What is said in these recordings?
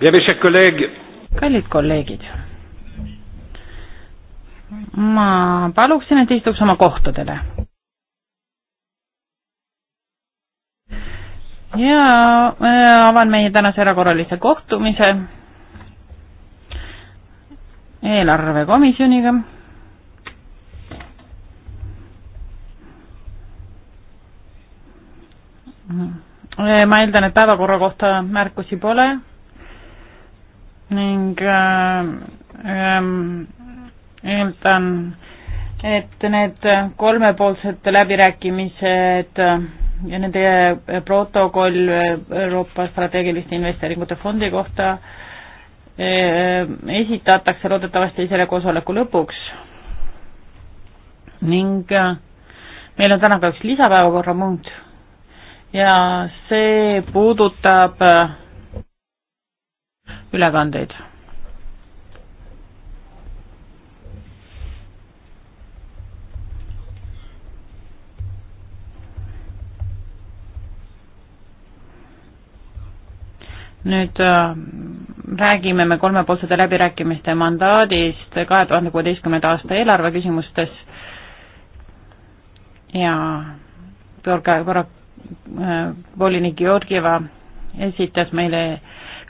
kallid kolleegid, ma paluksin, et istuks oma kohtadele. ja äh, avan meie tänase erakorralise kohtumise eelarvekomisjoniga mm. äh, ma eeldan, et päevakorra kohta märkusi pole ning äh, ähm, eeldan, et need kolmepoolsed läbirääkimised ja nende protokoll Euroopa strateegiliste investeeringute fondi kohta äh, esitatakse loodetavasti selle koosoleku lõpuks ning äh, meil on täna ka üks lisapäevakorrapunkt ja see puudutab äh, ülekandeid. nüüd äh, räägime me kolmepoolsete läbirääkimiste mandaadist kahe tuhande kuueteistkümnenda aasta eelarve küsimustes ja Georgia, äh, volinik Georgieva esitas meile äh,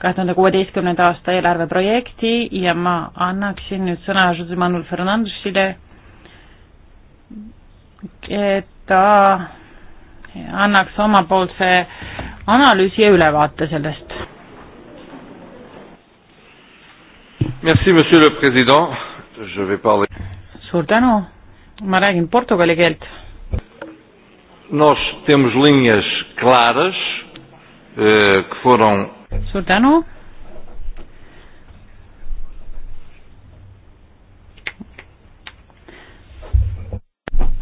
kahe tuhande kuueteistkümnenda aasta eelarveprojekti ja ma annaksin nüüd sõna Jose Manuel Fernandesile, et ta annaks omapoolse analüüsi ja ülevaate sellest. Merci, monsieur le president, je vais parler. suur tänu, ma räägin portugali keelt. Nós temos linhas claras eh, que foram suur tänu.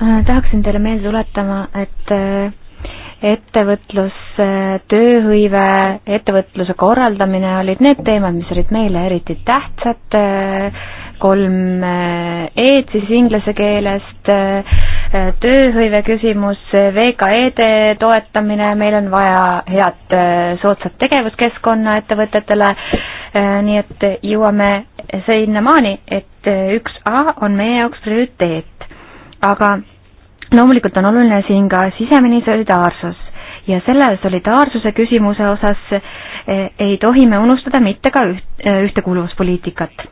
Äh, tahaksin teile meelde tuletama, et äh, ettevõtlus, äh, tööhõive, ettevõtluse korraldamine olid need teemad, mis olid meile eriti tähtsad kolm eh, E-d siis inglise keelest, eh, eh, tööhõive küsimus, VKE-de toetamine, meil on vaja head soodsat tegevuskeskkonna ettevõtetele, nii et jõuame sinnamaani, et üks A on meie jaoks prioriteet. aga loomulikult on oluline siin ka sisemine solidaarsus ja selle solidaarsuse küsimuse osas ei tohi me unustada mitte ka üht, ühtekuuluvuspoliitikat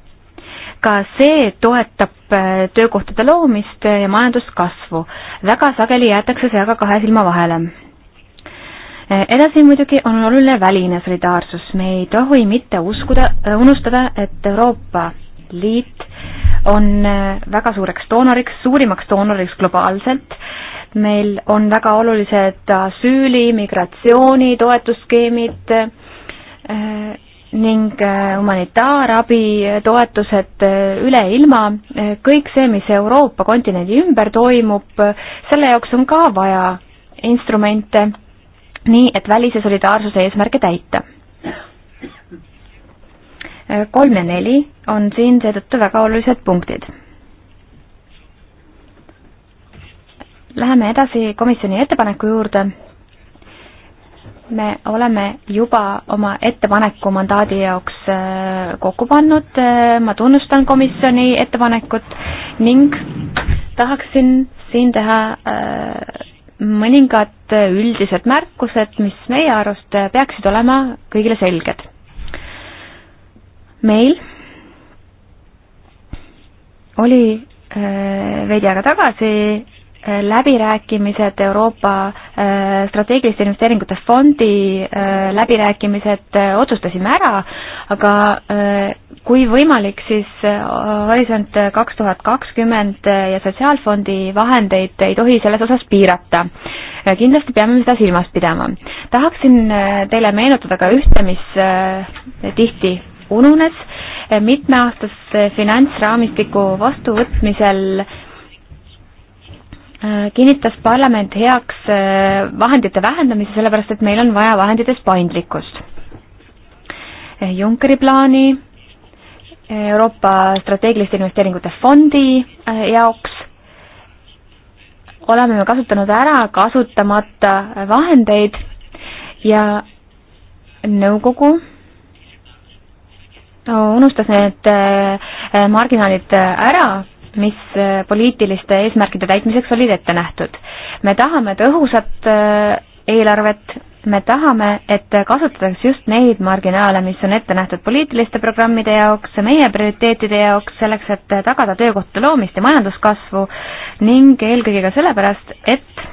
ka see toetab äh, töökohtade loomist ja majanduskasvu. väga sageli jäetakse see aga kahe silma vahele. Äh, edasi muidugi on oluline väline solidaarsus, me ei tohi mitte uskuda, äh, unustada, et Euroopa Liit on väga suureks doonoriks, suurimaks doonoriks globaalselt, meil on väga olulised asüüli, migratsiooni toetusskeemid, ning äh, humanitaarabi, toetused äh, üle ilma, äh, kõik see, mis Euroopa kontinendi ümber toimub, selle jaoks on ka vaja instrumente, nii et välise solidaarsuse eesmärke täita. kolm ja neli on siin seetõttu väga olulised punktid. Läheme edasi komisjoni ettepaneku juurde me oleme juba oma ettepaneku mandaadi jaoks äh, kokku pannud, äh, ma tunnustan komisjoni ettepanekut ning tahaksin siin teha äh, mõningad üldised märkused, mis meie arust peaksid olema kõigile selged. meil oli veidi aega tagasi Äh, läbirääkimised Euroopa äh, strateegiliste investeeringute fondi äh, läbirääkimised otsustasime ära, aga kui võimalik, siis Horisont kaks tuhat kakskümmend ja Sotsiaalfondi vahendeid ei tohi selles osas piirata. kindlasti peame seda silmas pidama. tahaksin teile meenutada ka ühte, mis tihti ununes, mitmeaastase finantsraamistiku vastuvõtmisel Äh, kinnitas parlament heaks äh, vahendite vähendamise, sellepärast et meil on vaja vahendites paindlikkust. Äh, Junckeri plaani, Euroopa strateegiliste investeeringute fondi jaoks oleme me kasutanud ära kasutamata vahendeid ja nõukogu unustas need marginaalid ära mis äh, poliitiliste eesmärkide täitmiseks olid ette nähtud. me tahame tõhusat äh, eelarvet, me tahame, et kasutatakse just neid marginaale, mis on ette nähtud poliitiliste programmide jaoks, meie prioriteetide jaoks, selleks et tagada töökohtade loomist ja majanduskasvu ning eelkõige ka sellepärast, et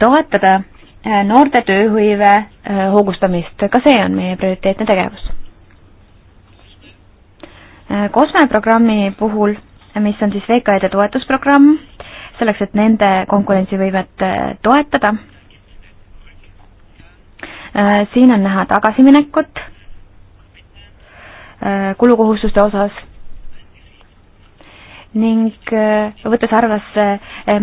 toetada äh, noorte tööhõive hoogustamist, ka see on meie prioriteetne tegevus COSME äh, programmi puhul, mis on siis VKE-de toetusprogramm, selleks, et nende konkurentsivõimet äh, toetada. Äh, siin on näha tagasiminekut kulukohustuste osas ning võttes arvesse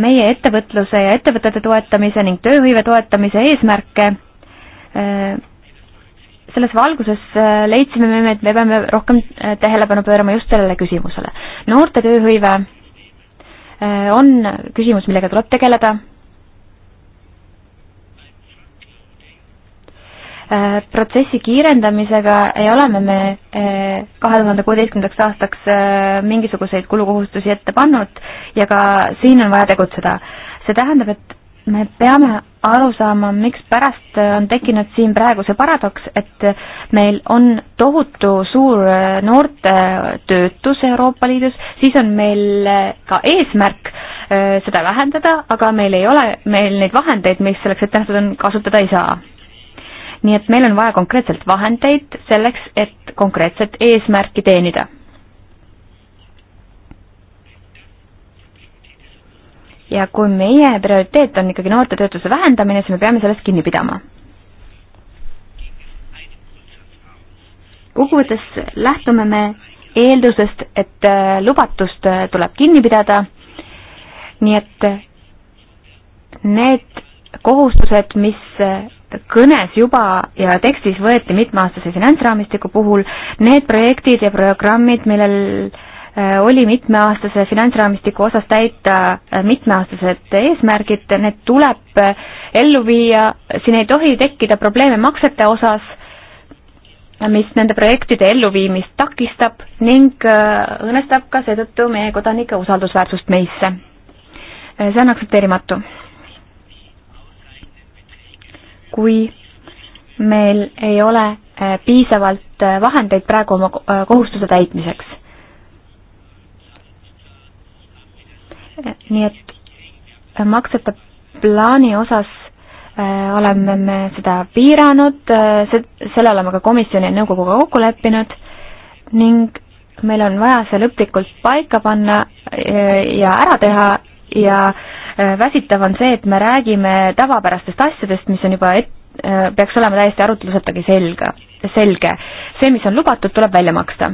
meie ettevõtluse ja ettevõtete toetamise ning tööhõive toetamise eesmärke, selles valguses äh, leidsime me, et me peame rohkem äh, tähelepanu pöörama just sellele küsimusele. noorte tööhõive äh, on küsimus, millega tuleb tegeleda. protsessi kiirendamisega ei ole me me kahe tuhande kuueteistkümnendaks aastaks mingisuguseid kulukohustusi ette pannud ja ka siin on vaja tegutseda. see tähendab, et me peame aru saama, mikspärast äh, on tekkinud siin praegu see paradoks, et äh, meil on tohutu suur äh, noorte töötus Euroopa Liidus, siis on meil ka eesmärk seda vähendada, aga meil ei ole, meil neid vahendeid, mis selleks ette nähtud on, kasutada ei saa. nii et meil on vaja konkreetselt vahendeid selleks, et konkreetset eesmärki teenida ja kui meie prioriteet on ikkagi noorte töötuse vähendamine, siis me peame sellest kinni pidama. kokkuvõttes lähtume me eeldusest, et äh, lubatust äh, tuleb kinni pidada, nii et need kohustused, mis äh, kõnes juba ja tekstis võeti mitmeaastase finantsraamistiku puhul, need projektid ja programmid, millel äh, Äh, oli mitmeaastase finantsraamistiku osas täita äh, mitmeaastased eesmärgid, need tuleb äh, ellu viia, siin ei tohi tekkida probleeme maksete osas, mis nende projektide elluviimist takistab ning õõnestab ka seetõttu meie kodanike usaldusväärsust meisse. see on aktsepteerimatu. kui meil ei ole piisavalt vahendeid praegu oma kohustuse täitmiseks nii et äh, maksete plaani osas äh, oleme me seda piiranud, äh, selle oleme ka komisjoni ja nõukoguga kokku leppinud ning meil on vaja see lõplikult paika panna ja ära teha ja väsitav on see, et me räägime tavapärastest asjadest, mis on juba et-, peaks olema täiesti arutlusetagi selge, selge. see, mis on lubatud, tuleb välja maksta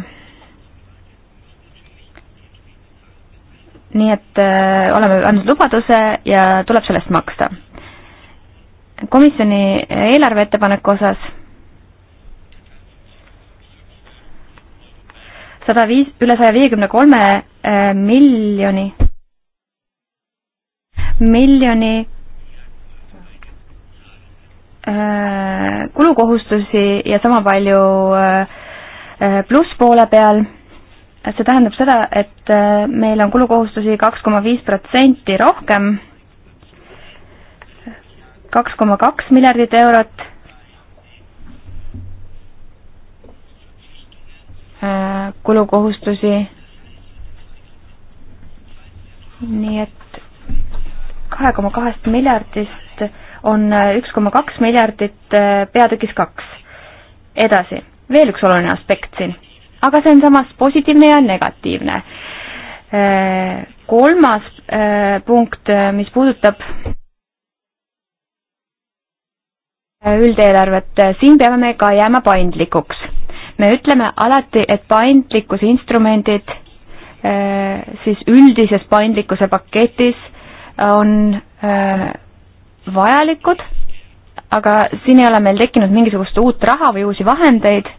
nii et öö, äh, oleme andnud lubaduse ja tuleb sellest maksta. komisjoni eelarve ettepaneku osas sada viis, üle saja viiekümne kolme äh, miljoni, miljoni öö, äh, kulukohustusi ja sama palju öö, plusspoole peal see tähendab seda, et äh, meil on kulukohustusi kaks koma viis protsenti rohkem, kaks koma kaks miljardit eurot äh, kulukohustusi. nii et kahe koma kahest miljardist on äh, üks koma kaks miljardit peatükis kaks. edasi, veel üks oluline aspekt siin aga see on samas positiivne ja negatiivne. Äh, kolmas äh, punkt, äh, mis puudutab üldeelarvet, siin peame me ka jääma paindlikuks. me ütleme alati, et paindlikkuse instrumendid siis üldises paindlikkuse paketis on vajalikud, aga siin ei ole meil tekkinud mingisugust uut raha või uusi vahendeid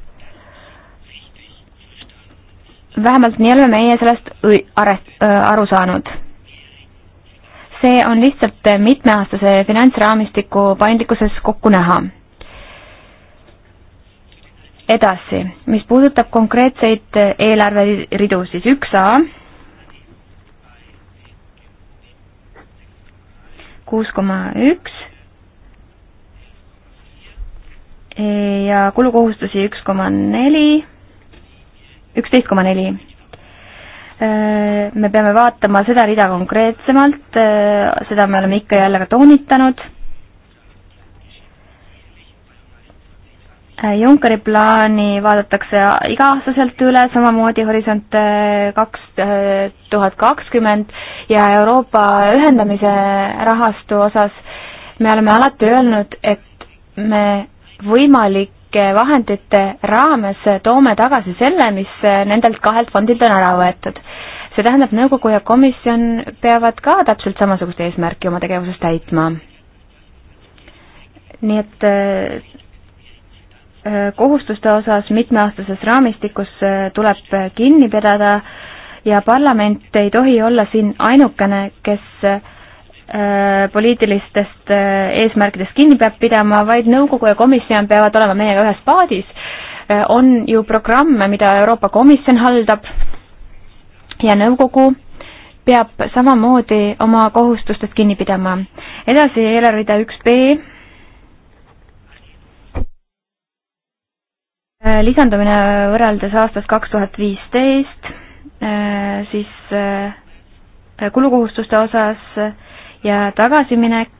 vähemalt nii oleme meie sellest arest, aru saanud. see on lihtsalt mitmeaastase finantsraamistiku paindlikkuses kokku näha. edasi, mis puudutab konkreetseid eelarveridu, siis üks A, kuus koma üks ja kulukohustusi üks koma neli üksteist koma neli. Äh, me peame vaatama seda rida konkreetsemalt, äh, seda me oleme ikka ja jälle ka toonitanud. Äh, Junckeri plaani vaadatakse iga-aastaselt üle, samamoodi Horisont kaks tuhat kakskümmend ja Euroopa ühendamise rahastu osas me oleme alati öelnud, et me võimalik avalike vahendite raames toome tagasi selle, mis nendelt kahelt fondilt on ära võetud. see tähendab, nõukogu ja komisjon peavad ka täpselt samasugust eesmärki oma tegevuses täitma. nii et äh, kohustuste osas mitmeaastases raamistikus äh, tuleb kinni pidada ja parlament ei tohi olla siin ainukene, kes äh, Äh, poliitilistest äh, eesmärkidest kinni peab pidama, vaid nõukogu ja komisjon peavad olema meiega ühes paadis. Äh, on ju programme, mida Euroopa Komisjon haldab ja nõukogu peab samamoodi oma kohustustest kinni pidama. edasi eelarverida üks B. lisandumine võrreldes aastast kaks tuhat viisteist, siis kulukohustuste osas ja tagasiminek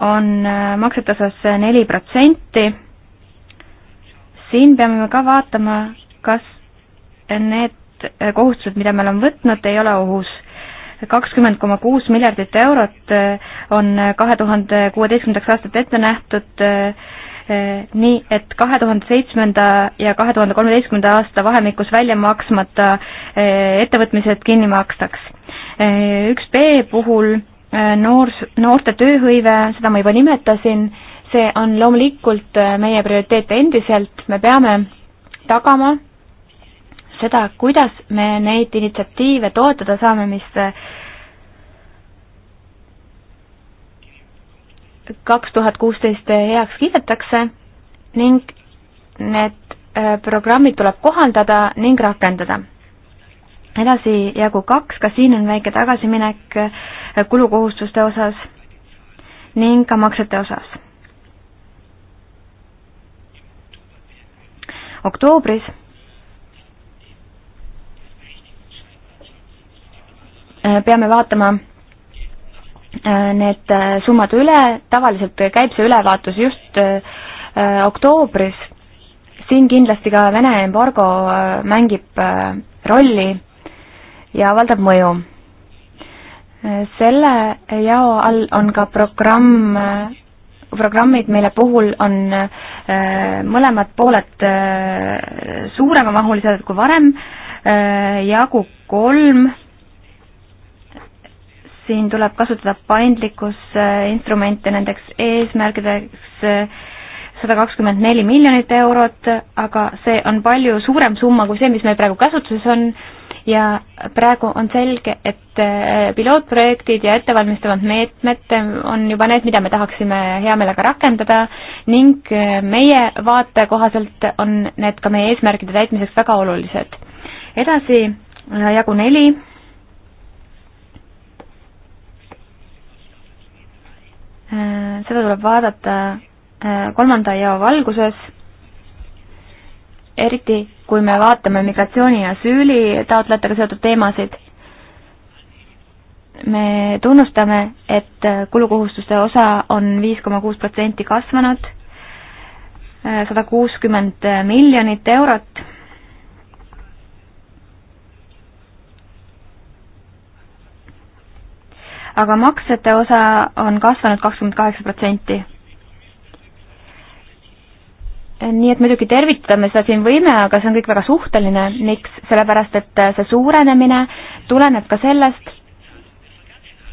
on äh, maksete osas neli protsenti. siin peame me ka vaatama, kas need äh, kohustused, mida me oleme võtnud, ei ole ohus. kakskümmend koma kuus miljardit eurot äh, on kahe tuhande kuueteistkümnendaks aastat ette nähtud nii, et kahe tuhande seitsmenda ja kahe tuhande kolmeteistkümnenda aasta vahemikus välja maksmata ettevõtmised kinni makstaks Äh, üks B puhul äh, noor, noorte tööhõive, seda ma juba nimetasin, see on loomulikult äh, meie prioriteet endiselt, me peame tagama seda, kuidas me neid initsiatiive toetada saame, mis kaks tuhat kuusteist heaks kiidetakse ning need programmid tuleb kohandada ning rakendada edasi jagu kaks, ka siin on väike tagasiminek äh, kulukohustuste osas ning ka maksete osas. oktoobris äh, peame vaatama äh, need summad üle, tavaliselt käib see ülevaatus just oktoobris, siin kindlasti ka Vene embargo mängib rolli ja avaldab mõju. selle jao all on ka programm, programmid, mille puhul on eh, mõlemad pooled eh, suuremamahulised kui varem, eh, jagu kolm, siin tuleb kasutada paindlikkusinstrumente nendeks eesmärkideks, sada kakskümmend neli miljonit eurot, aga see on palju suurem summa kui see, mis meil praegu kasutuses on ja praegu on selge, et äh, pilootprojektid ja ettevalmistavad meetmed on juba need, mida me tahaksime hea meelega rakendada ning äh, meie vaate kohaselt on need ka meie eesmärgide täitmiseks väga olulised. edasi äh, jagu neli seda tuleb vaadata Äh, kolmanda jao valguses, eriti kui me vaatame migratsiooni ja asüüli taotlejatega seotud teemasid, me tunnustame, et äh, kulukohustuste osa on viis koma kuus protsenti kasvanud, äh, sada kuuskümmend miljonit eurot aga maksete osa on kasvanud kakskümmend kaheksa protsenti nii et muidugi tervitame seda siin võime, aga see on kõik väga suhteline, miks, sellepärast et äh, see suurenemine tuleneb ka sellest,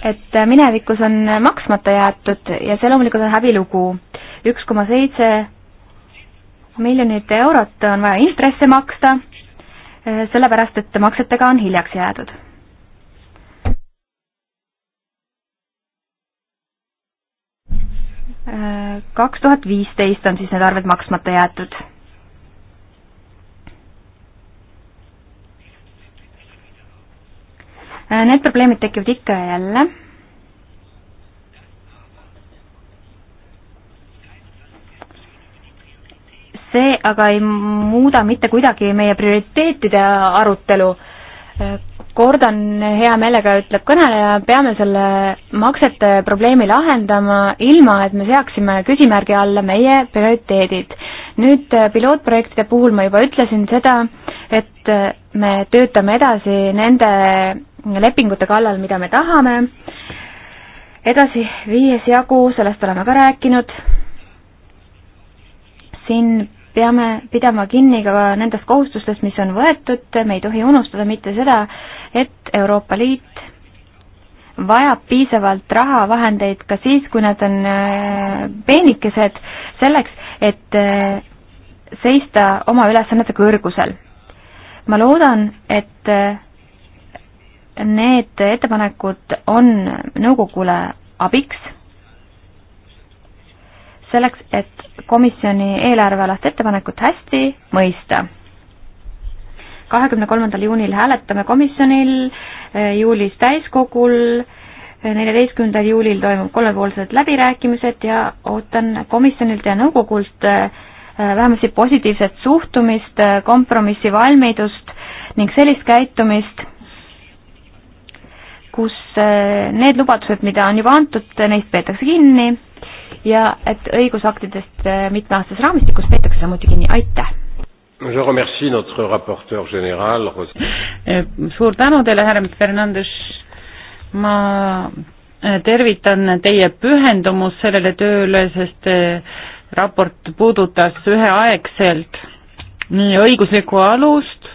et äh, minevikus on äh, maksmata jäetud ja see loomulikult on häbilugu. üks koma seitse miljonit eurot on vaja intresse maksta, sellepärast et maksetega on hiljaks jäädud kaks tuhat viisteist on siis need arved maksmata jäetud. Need probleemid tekivad ikka ja jälle. see aga ei muuda mitte kuidagi meie prioriteetide arutelu äh, kordan hea meelega, ütleb kõneleja, peame selle maksete probleemi lahendama, ilma et me seaksime küsimärgi alla meie prioriteedid. nüüd äh, pilootprojektide puhul ma juba ütlesin seda, et äh, me töötame edasi nende lepingute kallal, mida me tahame, edasi viies jagu, sellest oleme ka rääkinud, siin peame pidama kinni ka nendest kohustustest, mis on võetud, me ei tohi unustada mitte seda, et Euroopa Liit vajab piisavalt rahavahendeid ka siis, kui nad on äh, peenikesed, selleks, et äh, seista oma ülesannete kõrgusel. ma loodan, et äh, need ettepanekud on nõukogule abiks, selleks, et komisjoni eelarvealast ettepanekut hästi mõista. kahekümne kolmandal juunil hääletame komisjonil, eh, juulis täiskogul, eh, neljateistkümnendal juulil toimub kolmepoolsed läbirääkimised ja ootan komisjonilt ja nõukogult eh, vähemasti positiivset suhtumist, kompromissivalmidust ning sellist käitumist, kus need lubadused, mida on juba antud, neist peetakse kinni ja et õigusaktidest äh, mitmeaastases raamistikus peetakse samuti kinni, aitäh! Je remercie notre rapporteur général. Äh, suur tänu teile, härra Fernandes. ma äh, tervitan teie pühendumust sellele tööle, sest raport puudutas üheaegselt nii õiguslikku alust,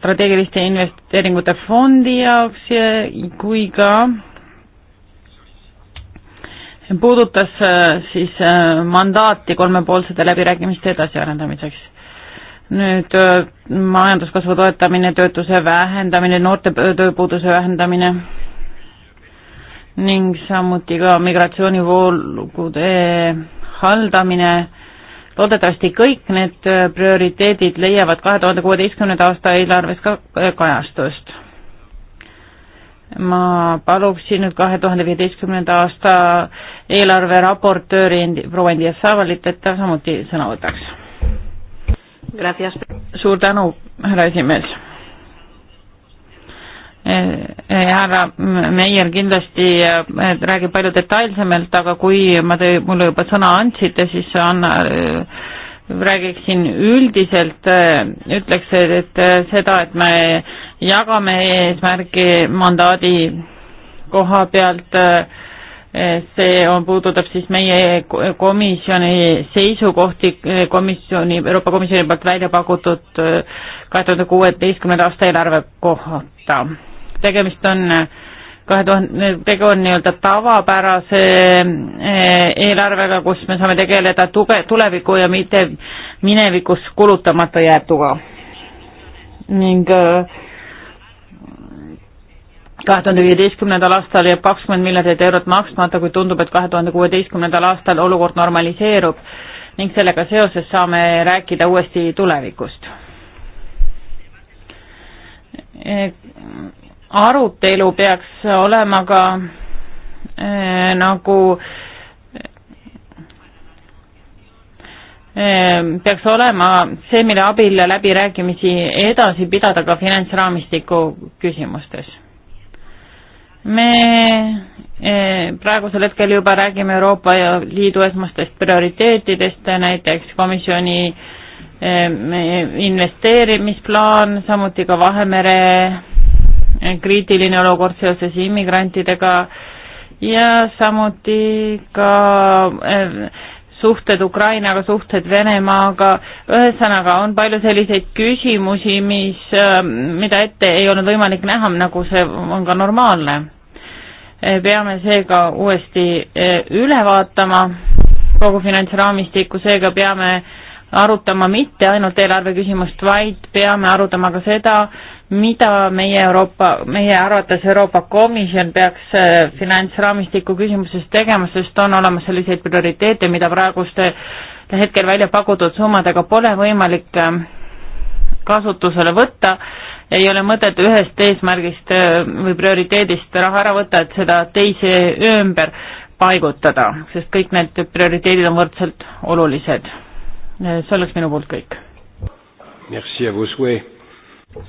strateegiliste investeeringute fondi jaoks ja kui ka puudutas äh, siis äh, mandaati kolmepoolsete läbirääkimiste edasiarendamiseks. nüüd äh, majanduskasvu toetamine, töötuse vähendamine, noorte tööpuuduse vähendamine ning samuti ka migratsioonivoolugude haldamine loodetavasti kõik need prioriteedid leiavad kahe tuhande kuueteistkümnenda aasta eelarves ka kajastust ma paluksin nüüd kahe tuhande viieteistkümnenda aasta eelarve raportööri proua Indias Saavalit, et ta samuti sõna võtaks. suur tänu, härra esimees. E, e, härra Meier kindlasti e, räägib palju detailsemalt, aga kui ma te, mulle juba sõna andsite, siis on räägiksin üldiselt, ütleks, et seda, et me jagame eesmärgi mandaadi koha pealt see on, puudutab siis meie komisjoni seisukohti komisjoni, Euroopa Komisjoni poolt välja pakutud äh, kahe tuhande kuueteistkümnenda aasta eelarve kohta. tegemist on äh, kahe tuhande, tegu on nii-öelda tavapärase äh, eelarvega, kus me saame tegeleda tuge, tuleviku ja mitte minevikus kulutamata jäetuga. ning äh, kahe tuhande viieteistkümnendal aastal jääb kakskümmend miljardit eurot maksmata, kuid tundub, et kahe tuhande kuueteistkümnendal aastal olukord normaliseerub ning sellega seoses saame rääkida uuesti tulevikust. arutelu peaks olema ka äh, nagu äh, peaks olema see, mille abil läbirääkimisi edasi pidada ka finantsraamistiku küsimustes me eh, praegusel hetkel juba räägime Euroopa Liidu esmastest prioriteetidest, näiteks komisjoni eh, investeerimisplaan, samuti ka Vahemere eh, kriitiline olukord seoses immigrantidega ja samuti ka suhted Ukrainaga, suhted Venemaaga, ühesõnaga on palju selliseid küsimusi, mis, mida ette ei olnud võimalik näha, nagu see on ka normaalne peame seega uuesti e, üle vaatama kogu finantsraamistikku, seega peame arutama mitte ainult eelarve küsimust, vaid peame arutama ka seda, mida meie Euroopa, meie arvates Euroopa Komisjon peaks e, finantsraamistiku küsimuses tegema, sest on olemas selliseid prioriteete, mida praeguste hetkel välja pakutud summadega pole võimalik e, kasutusele võtta ei ole mõtet ühest eesmärgist äh, või prioriteedist raha ära võtta, et seda teise ümber paigutada, sest kõik need prioriteedid on võrdselt olulised. Äh, see oleks minu poolt kõik.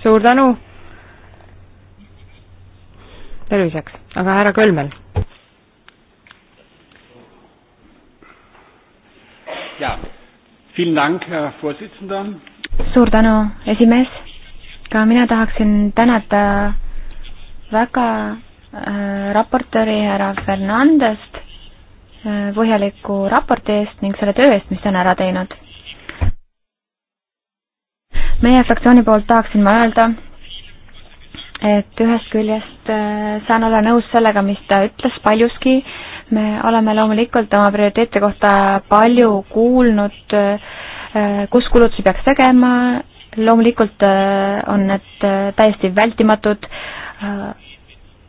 suur tänu. terviseks, aga härra Kölmel Ja, vielen Dank, Herr Vorsitzender. Suur tänu, esimees ka mina tahaksin tänada väga äh, raportööri härra Fernandest äh, põhjaliku raporti eest ning selle töö eest, mis ta on ära teinud. meie fraktsiooni poolt tahaksin ma öelda, et ühest küljest äh, saan olla nõus sellega, mis ta ütles paljuski, me oleme loomulikult oma prioriteete kohta palju kuulnud, äh, kus kulutusi peaks tegema loomulikult äh, on need äh, täiesti vältimatud, äh,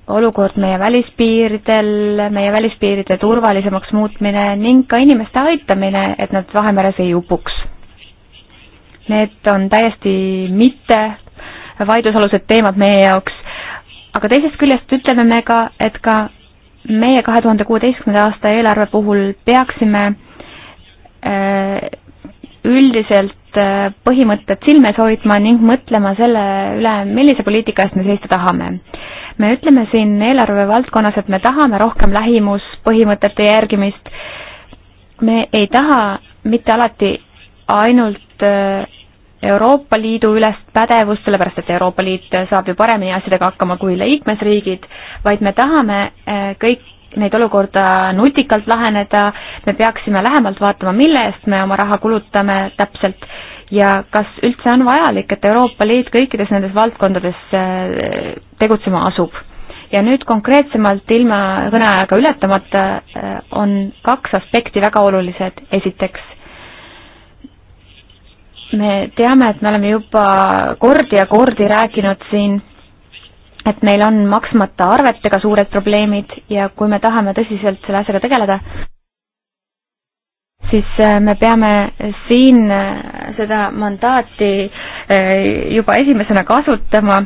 olukord meie välispiiridel, meie välispiiride turvalisemaks muutmine ning ka inimeste aitamine, et nad Vahemeres ei upuks. Need on täiesti mitte vaidlusalused teemad meie jaoks, aga teisest küljest ütleme me ka, et ka meie kahe tuhande kuueteistkümnenda aasta eelarve puhul peaksime üldiselt Äh, põhimõtted silmes hoidma ning mõtlema selle üle, millise poliitika eest me seista tahame. me ütleme siin eelarve valdkonnas, et me tahame rohkem lähimuspõhimõtete järgimist. me ei taha mitte alati ainult äh, Euroopa Liidu ülest pädevust, sellepärast et Euroopa Liit saab ju paremini asjadega hakkama kui liikmesriigid, vaid me tahame äh, kõik neid olukorda nutikalt laheneda, me peaksime lähemalt vaatama, mille eest me oma raha kulutame täpselt ja kas üldse on vajalik, et Euroopa Liit kõikides nendes valdkondades eh, tegutsema asub. ja nüüd konkreetsemalt ilma kõneajaga ületamata eh, on kaks aspekti väga olulised, esiteks me teame, et me oleme juba kordi ja kordi rääkinud siin et meil on maksmata arvetega suured probleemid ja kui me tahame tõsiselt selle asjaga tegeleda, siis äh, me peame siin äh, seda mandaati äh, juba esimesena kasutama.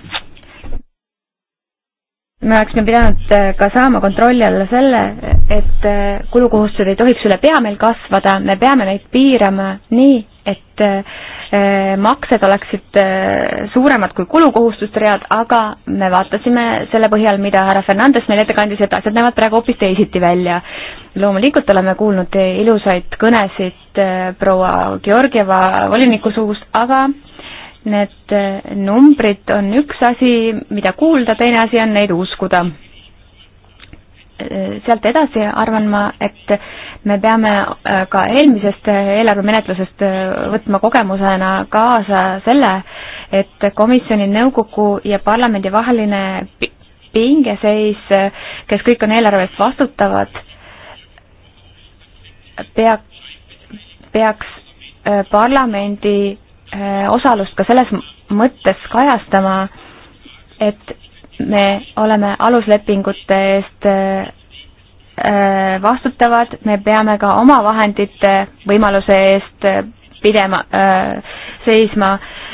me oleksime pidanud ka saama kontrolli alla selle, et kulukohustused ei tohiks üle pea meil kasvada, me peame neid piirama nii, et äh, Äh, maksed oleksid äh, suuremad kui kulukohustuste read, aga me vaatasime selle põhjal, mida härra Fernandes meile ette kandis, et asjad näevad praegu hoopis teisiti välja. loomulikult oleme kuulnud ilusaid kõnesid äh, proua Georgieva voliniku suust, aga need numbrid on üks asi, mida kuulda, teine asi on neid uskuda sealt edasi arvan ma, et me peame äh, ka eelmisest äh, eelarvemenetlusest äh, võtma kogemusena kaasa selle, et komisjoni, nõukogu ja parlamendi vaheline pingeseis, kes kõik on eelarve eest vastutavad, pea, peaks parlamendi osalust ka selles mõttes kajastama, et me oleme aluslepingute eest äh, vastutavad, me peame ka oma vahendite võimaluse eest pidema äh,, seisma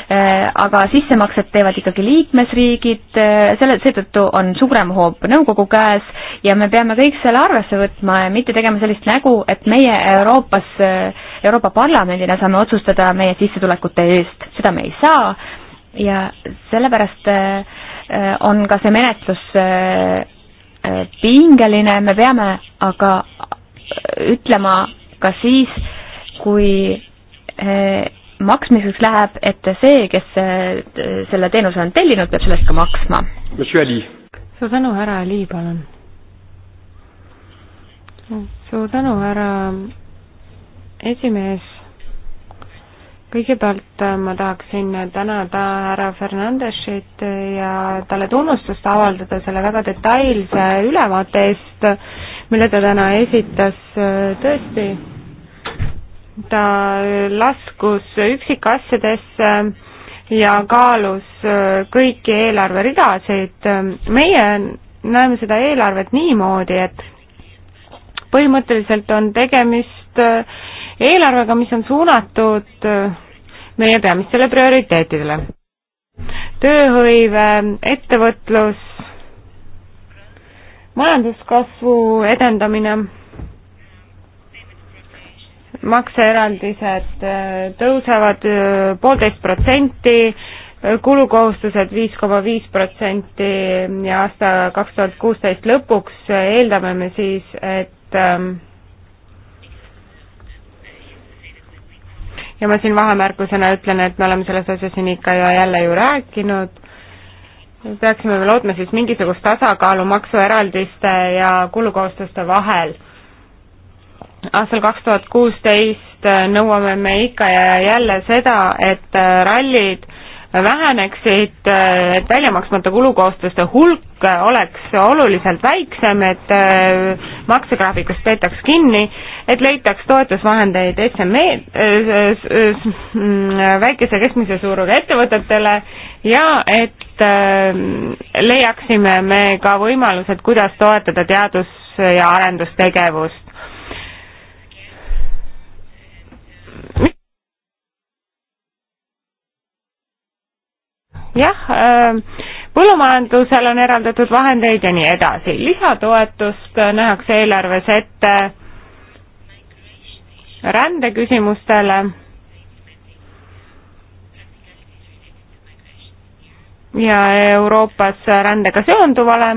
äh,, aga sissemaksed teevad ikkagi liikmesriigid äh,, selle, seetõttu on suurem hoob nõukogu käes ja me peame kõik selle arvesse võtma ja mitte tegema sellist nägu, et meie Euroopas äh,, Euroopa Parlamendina saame otsustada meie sissetulekute eest, seda me ei saa ja sellepärast äh, Äh, on ka see menetlus äh, äh, pingeline, me peame aga ütlema ka siis, kui maksmiseks läheb, et see, kes selle teenuse on tellinud, peab sellest ka maksma. suur tänu, härra Ali, palun. suur tänu, härra esimees kõigepealt äh, ma tahaksin tänada härra Fernandesit äh, ja talle tunnustust avaldada selle väga detailse ülevaate eest, mille ta täna esitas, äh, tõesti, ta laskus üksikasjadesse ja kaalus kõiki eelarveridasid, meie näeme seda eelarvet niimoodi, et põhimõtteliselt on tegemist äh, eelarvega, mis on suunatud äh, meie peamistele prioriteetidele. tööhõive, ettevõtlus, majanduskasvu edendamine, makseeraldised äh, tõusevad äh, poolteist protsenti, kulukohustused viis koma viis protsenti ja aasta kaks tuhat kuusteist lõpuks eeldame me siis, et ähm, ja ma siin vahemärkusena ütlen, et me oleme sellest asjast siin ikka ja jälle ju rääkinud, peaksime me lootma siis mingisugust tasakaalu maksueraldiste ja kulukohustuste vahel. aastal kaks tuhat kuusteist nõuame me ikka ja jälle seda, et rallid väheneksid, et väljamaksmata kulukohustuste hulk oleks oluliselt väiksem, et äh, maksegraafikust peetaks kinni, et leitaks toetusvahendeid SME, äh, mm, väikese keskmise suurusega ettevõtetele ja et äh, leiaksime me ka võimalused, kuidas toetada teadus- ja arendustegevust jah, äh, põllumajandusel on eraldatud vahendeid ja nii edasi. lisatoetust nähakse eelarves ette rändeküsimustele ja Euroopas rändega seonduvale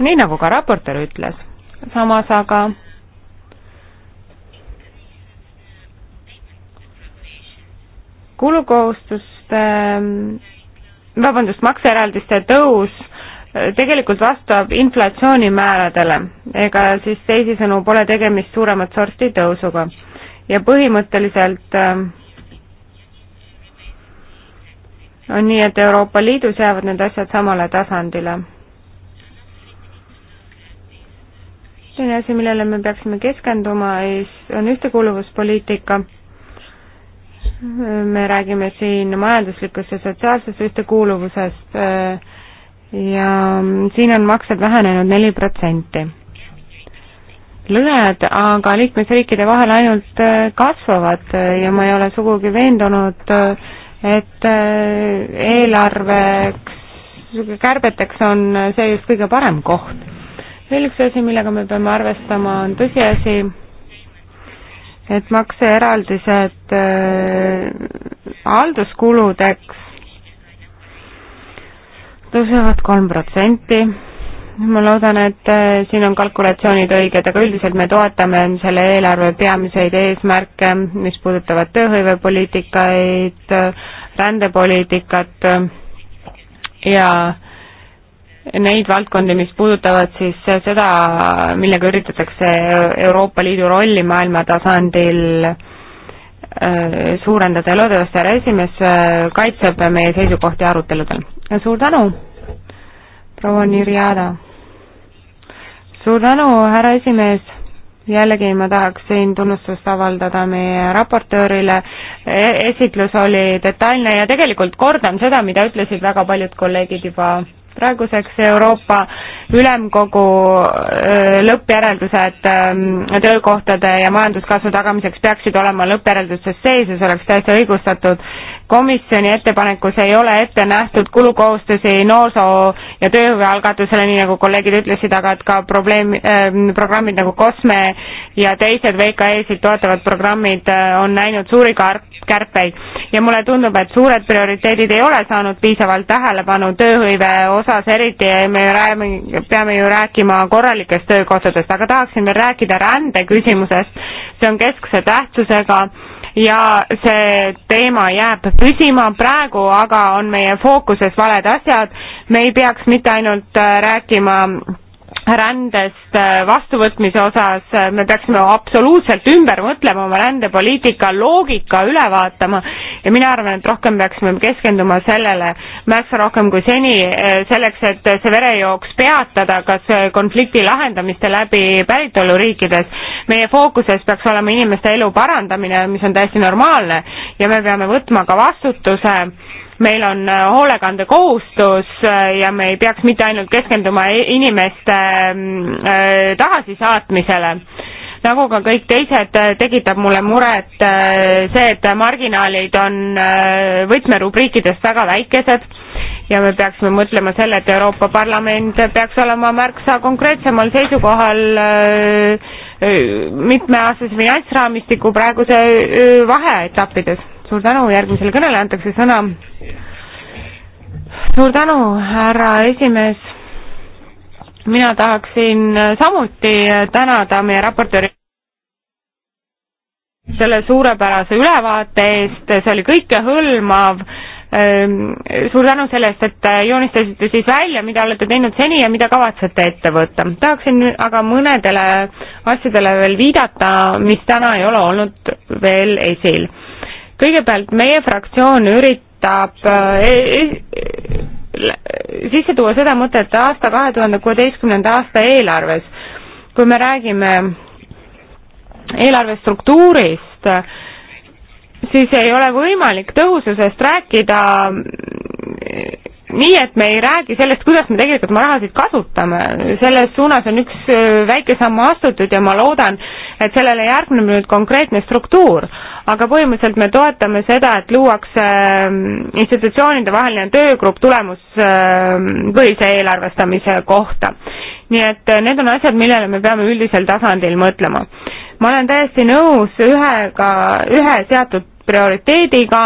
nii nagu ka raportöör ütles samas aga kulukohustuste, vabandust, makseeraldiste tõus tegelikult vastab inflatsioonimääradele, ega siis teisisõnu pole tegemist suuremat sorti tõusuga. ja põhimõtteliselt äh, on nii, et Euroopa Liidus jäävad need asjad samale tasandile teine asi, millele me peaksime keskenduma, on ühtekuuluvuspoliitika. me räägime siin majanduslikust ja sotsiaalsest ühtekuuluvusest äh, ja siin on maksed vähenenud neli protsenti. lõhed aga liikmesriikide vahel ainult äh, kasvavad äh, ja ma ei ole sugugi veendunud, et eelarveks, kärbeteks on see just kõige parem koht veel üks asi, millega me peame arvestama, on tõsiasi, et makseeraldised äh, halduskuludeks tõusevad kolm protsenti. ma loodan, et äh, siin on kalkulatsioonid õiged, aga üldiselt me toetame selle eelarve peamiseid eesmärke, mis puudutavad tööhõivepoliitikaid, rändepoliitikat ja äh, neid valdkondi, mis puudutavad siis seda, millega üritatakse Euroopa Liidu rolli maailma tasandil äh, suurendada ja loodetavasti härra esimees äh, kaitseb meie seisukohti aruteludel. suur tänu, proua Nirjada. suur tänu, härra esimees jällegi ma tahaksin tunnustust avaldada meie raportöörile, e-, esitlus oli detailne ja tegelikult kordan seda, mida ütlesid väga paljud kolleegid juba praeguseks Euroopa Ülemkogu lõppjäreldused töökohtade ja majanduskasvu tagamiseks peaksid olema lõppjäreldustes sees ja see oleks täiesti õigustatud, komisjoni ettepanekus ei ole ette nähtud kulukohustusi noorsoo- ja tööhõivealgatusele, nii nagu kolleegid ütlesid, aga et ka probleem äh,, programmid nagu COSME ja teised VKE-sid toetavad programmid äh, on näinud suuri kärpeid. ja mulle tundub, et suured prioriteedid ei ole saanud piisavalt tähelepanu tööhõive osas, eriti me räägime, peame ju rääkima korralikest töökohtadest, aga tahaksin veel rääkida rändeküsimusest, see on keskse tähtsusega ja see teema jääb püsima, praegu aga on meie fookuses valed asjad, me ei peaks mitte ainult äh, rääkima rändest äh, vastuvõtmise osas äh, me peaksime absoluutselt ümber mõtlema oma rändepoliitika loogika üle vaatama ja mina arvan, et rohkem peaksime keskenduma sellele märksa rohkem kui seni, äh, selleks et see verejooks peatada, kas konflikti lahendamiste läbi päritoluriikides. meie fookuses peaks olema inimeste elu parandamine, mis on täiesti normaalne ja me peame võtma ka vastutuse meil on äh, hoolekandekohustus äh, ja me ei peaks mitte ainult keskenduma inimeste mm, äh, tagasisaatmisele nagu ka kõik teised, tekitab mulle muret see, et marginaalid on võtmerubriikidest väga väikesed ja me peaksime mõtlema selle, et Euroopa Parlament peaks olema märksa konkreetsemal seisukohal mitmeaastase finantsraamistiku praeguse vaheetappides suur tänu, järgmisele kõnele antakse sõna. suur tänu, härra esimees. mina tahaksin samuti tänada meie raportööri selle suurepärase ülevaate eest, see oli kõikehõlmav ehm, suur tänu selle eest, et joonistasite siis välja, mida olete teinud seni ja mida kavatsete ette võtta. tahaksin aga mõnedele asjadele veel viidata, mis täna ei ole olnud veel esil kõigepealt meie fraktsioon üritab äh, eh, eh, sisse tuua seda mõtet aasta kahe tuhande kuueteistkümnenda aasta eelarves, kui me räägime eelarve struktuurist, siis ei ole võimalik tõhususest rääkida nii et me ei räägi sellest, kuidas me tegelikult oma rahasid kasutame, selles suunas on üks äh, väike samm astutud ja ma loodan, et sellele järgneb nüüd konkreetne struktuur. aga põhimõtteliselt me toetame seda, et luuakse äh, institutsioonide vaheline töögrupp tulemuspõhise äh, eelarvestamise kohta. nii et need on asjad, millele me peame üldisel tasandil mõtlema. ma olen täiesti nõus ühega, ühe seatud prioriteediga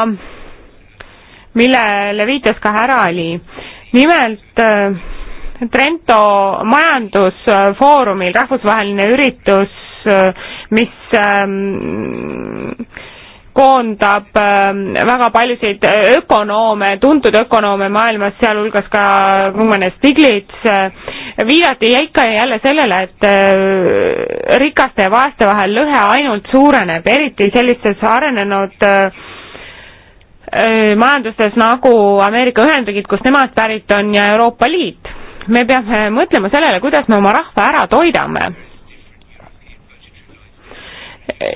millele viitas ka härra Ali. nimelt äh, Trento majandusfoorumil rahvusvaheline üritus, äh, mis ähm, koondab ähm, väga paljusid äh, ökonoome, tuntud ökonoome maailmas, sealhulgas ka Rumenes Stiglitz, viidati ikka ja jälle sellele, et rikaste ja vaeste vahel lõhe ainult suureneb, eriti sellistes arenenud äh, Äh, majandustes nagu Ameerika Ühendriigid, kust nemad pärit on, ja Euroopa Liit. me peame mõtlema sellele, kuidas me oma rahva ära toidame. Äh,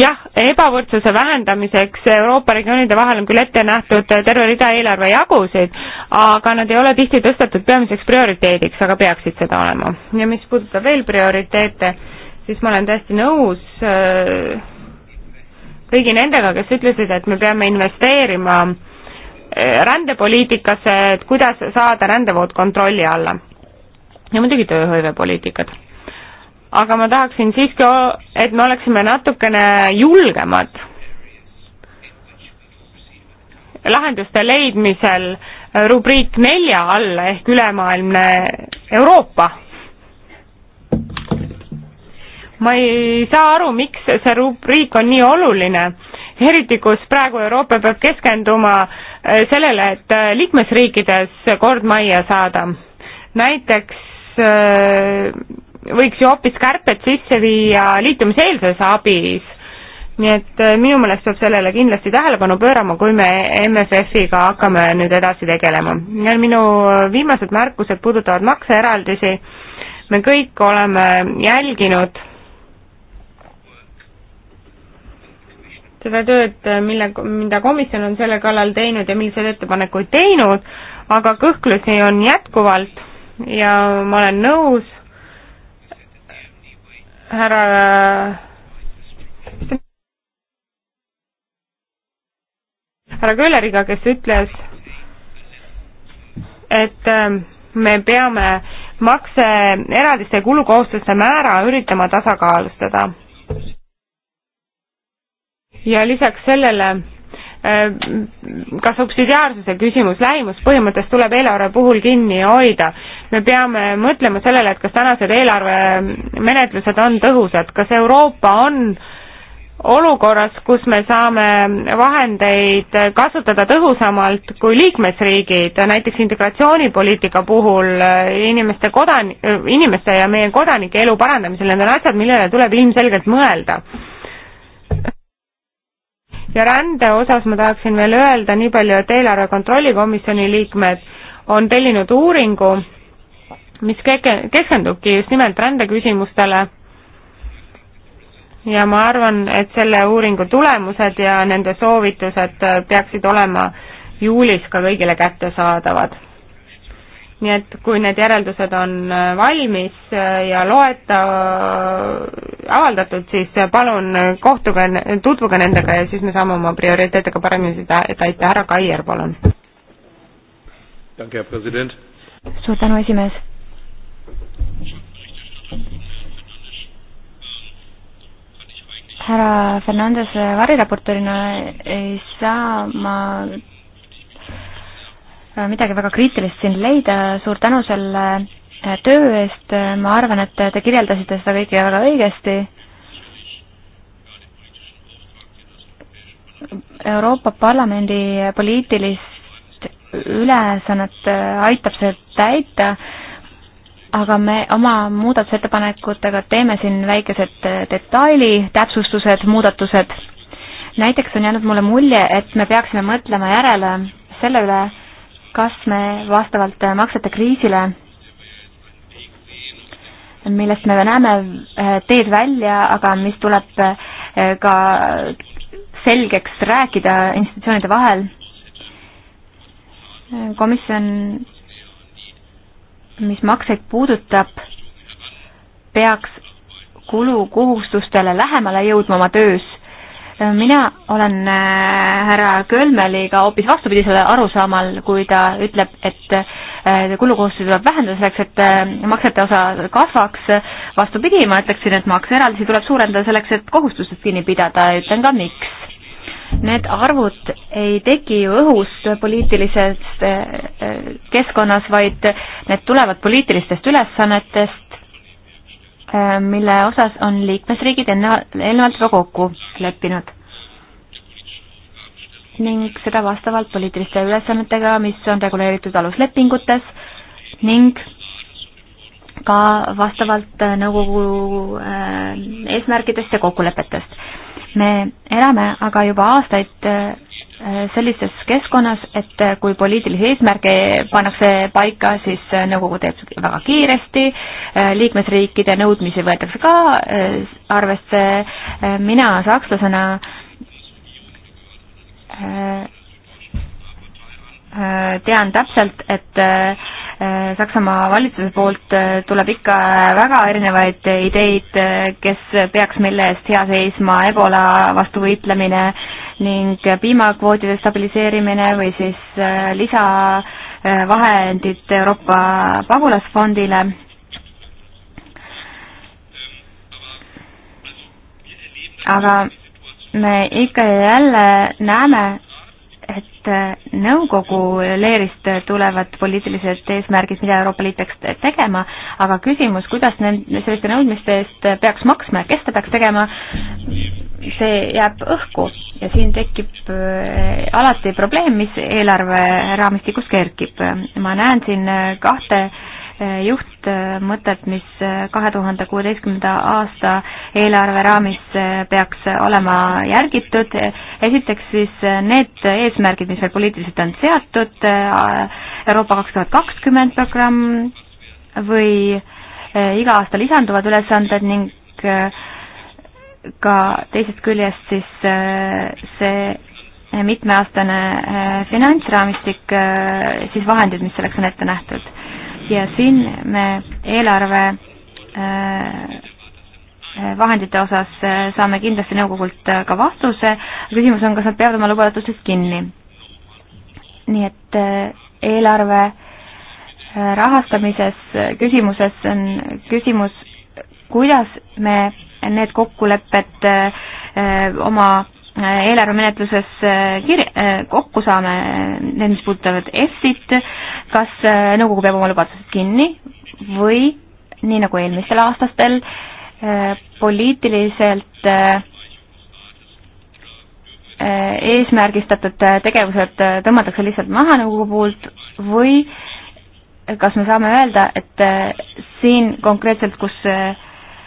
jah, ebavõrdsuse vähendamiseks Euroopa regioonide vahel on küll ette nähtud terve rida eelarvejagusid, aga nad ei ole tihti tõstetud peamiseks prioriteediks, aga peaksid seda olema. ja mis puudutab veel prioriteete, siis ma olen täiesti nõus äh, kõigi nendega, kes ütlesid, et me peame investeerima eh, rändepoliitikasse, et kuidas saada rändevood kontrolli alla. ja muidugi tööhõivepoliitikad. aga ma tahaksin siiski, et me oleksime natukene julgemad lahenduste leidmisel rubriik nelja all ehk ülemaailmne Euroopa ma ei saa aru, miks see rubriik on nii oluline, eriti kus praegu Euroopa peab keskenduma äh, sellele, et äh, liikmesriikides kord majja saada. näiteks äh, võiks ju hoopis kärped sisse viia liitumiseelses abis, nii et minu meelest peab sellele kindlasti tähelepanu pöörama, kui me MFF-iga hakkame nüüd edasi tegelema. minu viimased märkused puudutavad makseeraldisi, me kõik oleme jälginud seda tööd, mille, mida komisjon on selle kallal teinud ja milliseid ettepanekuid teinud, aga kõhklusi on jätkuvalt ja ma olen nõus härra härra Kölleriga, kes ütles, et ähm, me peame makse eraldiste kulukohustuste määra üritama tasakaalustada ja lisaks sellele äh, ka subsidiaarsuse küsimus, lähimuspõhimõttest tuleb eelarve puhul kinni hoida. me peame mõtlema sellele, et kas tänased eelarvemenetlused on tõhusad, kas Euroopa on olukorras, kus me saame vahendeid kasutada tõhusamalt kui liikmesriigid, näiteks integratsioonipoliitika puhul äh, inimeste kodan-, äh, inimeste ja meie kodanike elu parandamisel, need on asjad, millele tuleb ilmselgelt mõelda ja rände osas ma tahaksin veel öelda nii palju, et eelarve kontrolli komisjoni liikmed on tellinud uuringu, mis keskendubki just nimelt rändeküsimustele ja ma arvan, et selle uuringu tulemused ja nende soovitused peaksid olema juulis ka kõigile kättesaadavad nii et kui need järeldused on äh, valmis äh, ja loeta, äh, avaldatud, siis palun kohtuge, tutvuge nendega ja siis me saame oma prioriteetidega paremini seda täita. härra Kaier, palun. suur tänu, esimees. härra Fernandes, variraportorina ei saa ma Äh, midagi väga kriitilist siin leida, suur tänu selle äh, töö eest, äh, ma arvan, et te kirjeldasite seda kõike väga õigesti. Euroopa Parlamendi poliitilist ülesannet aitab see täita, aga me oma muudatusettepanekutega teeme siin väikesed detaili täpsustused, muudatused. näiteks on jäänud mulle mulje, et me peaksime mõtlema järele selle üle, kas me vastavalt maksete kriisile millest me näeme eh, teed välja, aga mis tuleb eh, ka selgeks rääkida institutsioonide vahel. Eh, komisjon, mis makseid puudutab, peaks kulukohustustele lähemale jõudma oma töös mina olen äh, härra Kölmeliga hoopis vastupidisele arusaamal, kui ta ütleb, et äh, kulukohustusi tuleb vähendada selleks, et äh, maksete osa kasvaks. vastupidi, ma ütleksin, et makseeraldisi tuleb suurendada selleks, et kohustustest kinni pidada ja ütlen ka miks. Need arvud ei teki ju õhust poliitilisest keskkonnas, vaid need tulevad poliitilistest ülesannetest Äh, mille osas on liikmesriigid enne, eelnevalt juba kokku leppinud. ning seda vastavalt poliitiliste ülesannetega, mis on reguleeritud aluslepingutes ning ka vastavalt äh, nõukogu äh, eesmärkidest ja kokkulepetest. me elame aga juba aastaid Äh, sellises keskkonnas, et äh, kui poliitilisi eesmärke pannakse paika, siis äh, nõukogu teeb väga kiiresti, liikmesriikide nõudmisi võetakse ka arvesse, mina sakslasena tean täpselt, et Saksamaa valitsuse poolt tuleb ikka väga erinevaid ideid, kes peaks mille eest hea seisma, Ebola vastu võitlemine äh,, ning piimakvootide stabiliseerimine või siis äh, lisavahendid Euroopa pagulasfondile. aga me ikka ja jälle näeme, et äh, nõukogu leerist tulevad poliitilised eesmärgid, mida Euroopa Liit peaks tegema, aga küsimus, kuidas nend-, selliste nõudmiste eest peaks maksma ja kes ta peaks tegema, see jääb õhku ja siin tekib äh, alati probleem, mis eelarve raamistikus kerkib. ma näen siin äh, kahte äh, juhtmõtet, mis kahe tuhande kuueteistkümnenda aasta eelarve raamis peaks olema järgitud. esiteks siis need eesmärgid, mis veel poliitiliselt on seatud, Euroopa kaks tuhat kakskümmend programm või iga aasta lisanduvad ülesanded ning ka teisest küljest siis äh, see äh, mitmeaastane äh, finantsraamistik, siis vahendid, mis selleks on ette nähtud. ja siin me eelarve vahendite osas saame kindlasti nõukogult ka vastuse, küsimus on, kas nad peavad oma lubadustest kinni. nii et eelarve rahastamises küsimuses on küsimus, kuidas me need kokkulepped eh, oma eh, eelarvemenetluses eh, kir-, kokku saame, need, mis puudutavad EFSit, kas nõukogu peab oma lubadused kinni või nii nagu eelmistel aastatel, poliitiliselt eesmärgistatud tegevused tõmmatakse lihtsalt maha nõukogu poolt või kas me saame öelda, et siin konkreetselt, kus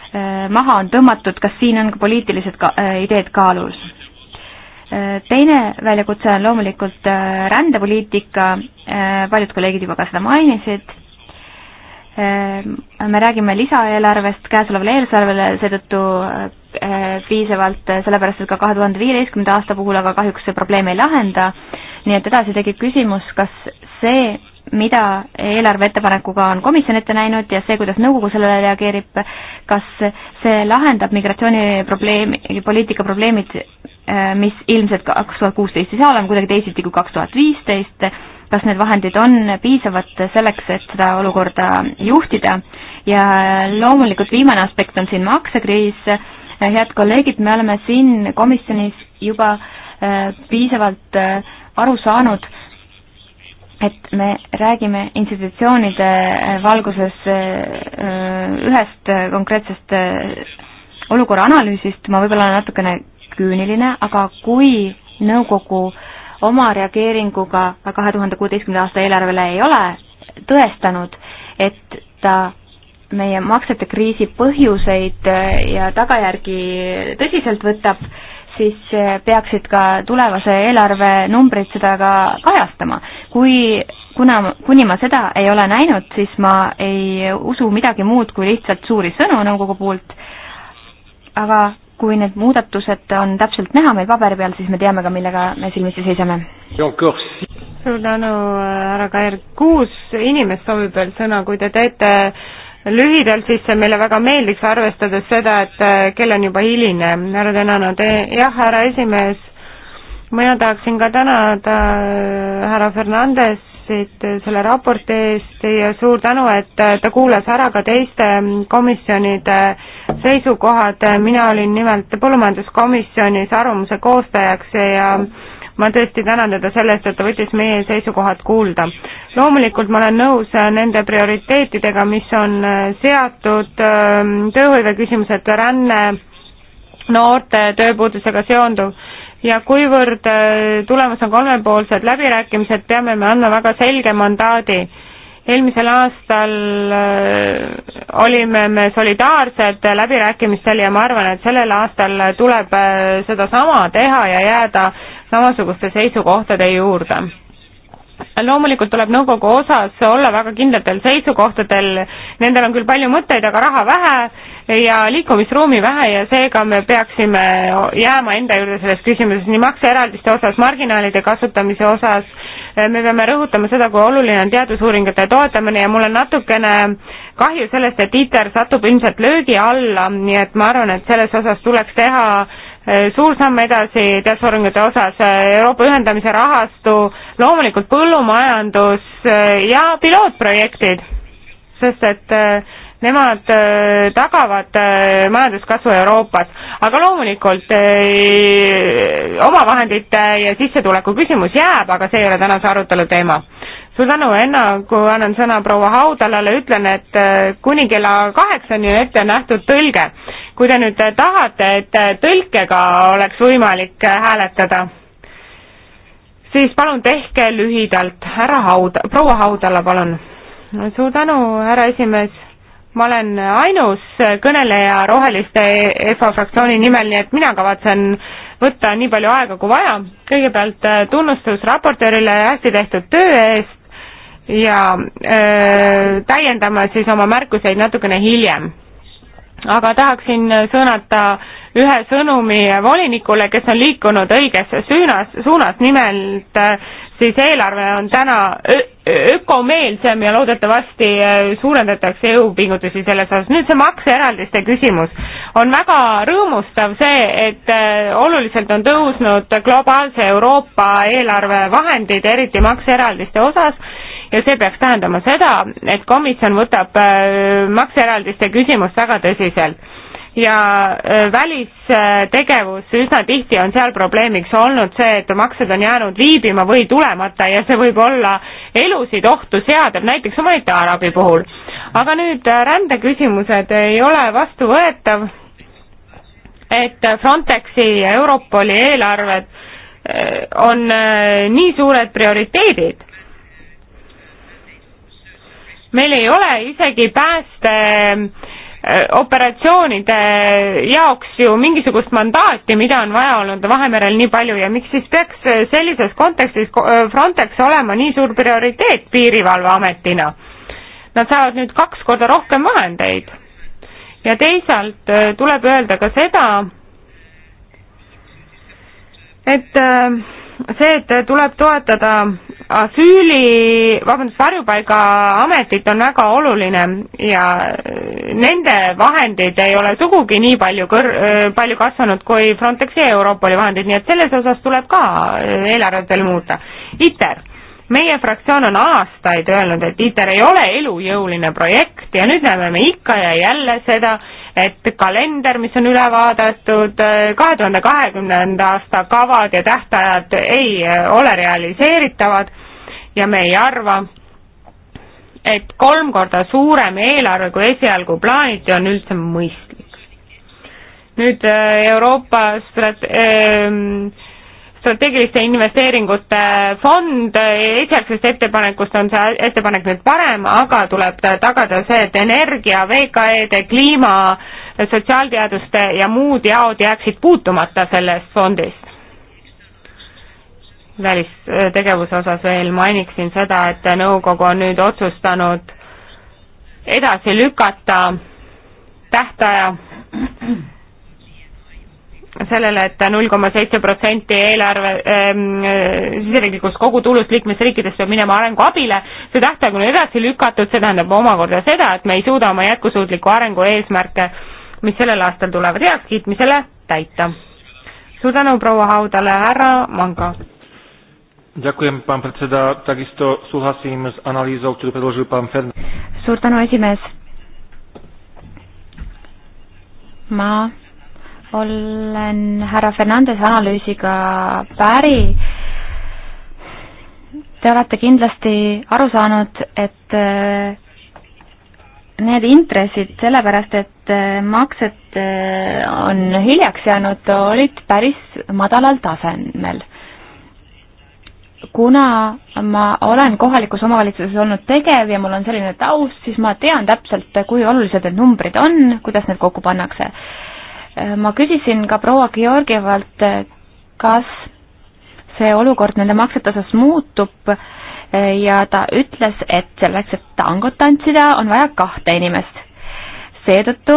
Äh, maha on tõmmatud, kas siin on ka poliitilised ka, äh, ideed kaalus? Äh, teine väljakutse on loomulikult rändepoliitika, paljud kolleegid juba ka seda mainisid, me räägime lisaeelarvest käesolevale eelarvele seetõttu piisavalt, sellepärast et ka kahe tuhande viieteistkümnenda aasta puhul aga kahjuks see probleem ei lahenda, nii et edasi tekib küsimus, kas see, mida eelarve ettepanekuga on komisjon ette näinud ja see, kuidas nõukogu sellele reageerib, kas see lahendab migratsiooniprobleemi, poliitika probleemid, äh, mis ilmselt kaks tuhat kuusteist ei saa olema kuidagi teisiti kui kaks tuhat viisteist, kas need vahendid on piisavad selleks, et seda olukorda juhtida ja loomulikult viimane aspekt on siin maksekriis, head kolleegid, me oleme siin komisjonis juba äh, piisavalt äh, aru saanud, et me räägime institutsioonide äh, valguses äh, äh, ühest konkreetsest olukorra analüüsist, ma võib-olla olen natukene küüniline, aga kui nõukogu oma reageeringuga kahe tuhande kuueteistkümnenda aasta eelarvele ei ole tõestanud, et ta meie maksete kriisi põhjuseid ja tagajärgi tõsiselt võtab, siis peaksid ka tulevase eelarve numbrid seda ka kajastama kui, kuna, kuni ma seda ei ole näinud, siis ma ei usu midagi muud kui lihtsalt suuri sõnu nõukogu poolt, aga kui need muudatused on täpselt näha meil paberi peal, siis me teame ka, millega me silmitsi seisame. suur tänu, härra Kair, kuus inimest soovib veel sõna, kui te teete lühidalt, siis see meile väga meeldiks, arvestades seda, et eh, kell on juba hiline. härra Tänano, te, jah, härra esimees mina tahaksin ka tänada äh, härra Fernandesit äh, selle raporti eest ja suur tänu, et äh, ta kuulas ära ka teiste ähm, komisjonide seisukohad, mina olin nimelt põllumajanduskomisjonis arvamuse koostajaks ja ma tõesti tänan teda selle eest, et ta võttis meie seisukohad kuulda. loomulikult ma olen nõus nende prioriteetidega, mis on seatud, ähm, tööhõive küsimused, ränne, noorte tööpuudusega seonduv ja kuivõrd äh, tulemas on kolmepoolsed läbirääkimised, peame me andma väga selge mandaadi. eelmisel aastal äh, olime me solidaarsed läbirääkimistel ja ma arvan, et sellel aastal tuleb äh, sedasama teha ja jääda samasuguste seisukohtade juurde loomulikult tuleb nõukogu osas olla väga kindlatel seisukohtadel, nendel on küll palju mõtteid, aga raha vähe ja liikumisruumi vähe ja seega me peaksime jääma enda juurde selles küsimuses nii makseeraldiste osas, marginaalide kasutamise osas, me peame rõhutama seda, kui oluline on teadusuuringute toetamine ja mul on natukene kahju sellest, et ITER satub ilmselt löögi alla, nii et ma arvan, et selles osas tuleks teha Eh, suur samm edasi teadusuuringute osas, eh, Euroopa ühendamise rahastu, loomulikult põllumajandus eh, ja pilootprojektid, sest et nemad tagavad majanduskasvu Euroopas. aga loomulikult omavahendite ja sissetuleku küsimus jääb, aga see ei ole tänase arutelu teema. suur tänu, enne kui annan sõna proua Haudalale, ütlen, et kuni kella kaheksani on ette nähtud tõlge kui te nüüd tahate, et äh, tõlkega oleks võimalik äh, hääletada, siis palun tehke lühidalt, härra Haud-, proua Haudala, palun. suur tänu, härra esimees, ma olen ainus kõneleja Roheliste EFA fraktsiooni nimel, nii et mina kavatsen võtta nii palju aega kui vaja. kõigepealt äh, tunnustus raportöörile hästi tehtud töö eest ja öö, täiendame siis oma märkuseid natukene hiljem aga tahaksin sõnata ühe sõnumi volinikule, kes on liikunud õigesse suunas, suunas, nimelt äh, siis eelarve on täna ökomeelsem ja loodetavasti äh, suurendatakse jõupingutusi selles osas. nüüd see makseeraldiste küsimus. on väga rõõmustav see, et äh, oluliselt on tõusnud globaalse Euroopa eelarve vahendid, eriti makseeraldiste osas ja see peaks tähendama seda, et komisjon võtab äh, makseeraldiste küsimust väga tõsiselt ja äh, välistegevus äh, üsna tihti on seal probleemiks olnud see, et maksed on jäänud viibima või tulemata ja see võib olla elusid ohtu seadeb, näiteks humanitaarabi puhul. aga nüüd rändeküsimused ei ole vastuvõetav, et Frontexi ja Europoli eelarved on nii suured prioriteedid meil ei ole isegi pääste äh, operatsioonide jaoks ju mingisugust mandaati, mida on vaja olnud Vahemerel nii palju ja miks siis peaks äh, sellises kontekstis äh, Frontex olema nii suur prioriteet Piirivalveametina? Nad saavad nüüd kaks korda rohkem vahendeid. ja teisalt tuleb öelda ka seda, et äh, see, et tuleb toetada asüüli, vabandust, varjupaigaametit on väga oluline ja nende vahendid ei ole sugugi nii palju kõr-, palju kasvanud kui Frontexi ja Europoli vahendid, nii et selles osas tuleb ka eelarvet veel muuta. ITER, meie fraktsioon on aastaid öelnud, et ITER ei ole elujõuline projekt ja nüüd näeme me ikka ja jälle seda, et kalender, mis on üle vaadatud, kahe tuhande kahekümnenda aasta kavad ja tähtajad ei eh, ole realiseeritavad ja me ei arva, et kolm korda suurem eelarve, kui esialgu plaaniti, on üldse mõistlik. nüüd eh, Euroopa strate-, ehm, strateegiliste investeeringute fond, esialgsest ettepanekust on see ettepanek nüüd parem, aga tuleb tagada see, et energia, VKE-de, kliima, sotsiaalteaduste ja muud jaod jääksid puutumata sellest fondist. välistegevuse osas veel mainiksin seda, et nõukogu on nüüd otsustanud edasi lükata tähtaja sellele et, et null koma seitse protsenti eelarve ähm, siseriiklikust kogutulust liikmesriikidest peab minema arenguabile, see tähtaeg on edasi lükatud, see tähendab omakorda seda, et me ei suuda oma jätkusuutliku arengu eesmärke, mis sellel aastal tulevad heakskiitmisele, täita. suur tänu proua Haudale, härra Manga. Ďakujem, pán predseda. Takisto súhlasím s analýzou, ktorú predložil pán Fernández. Suur tänu, esimees. ma olen härra Fernandes analüüsiga päri. Te olete kindlasti aru saanud, et äh, need intressid, sellepärast et äh, maksed äh, on hiljaks jäänud, olid päris madalal tasemel kuna ma olen kohalikus omavalitsuses olnud tegev ja mul on selline taust, siis ma tean täpselt, kui olulised need numbrid on, kuidas need kokku pannakse. Äh, ma küsisin ka proua Georgievalt, äh, kas see olukord nende maksete osas muutub äh, ja ta ütles, et selleks, et tangot tantsida, on vaja kahte inimest. seetõttu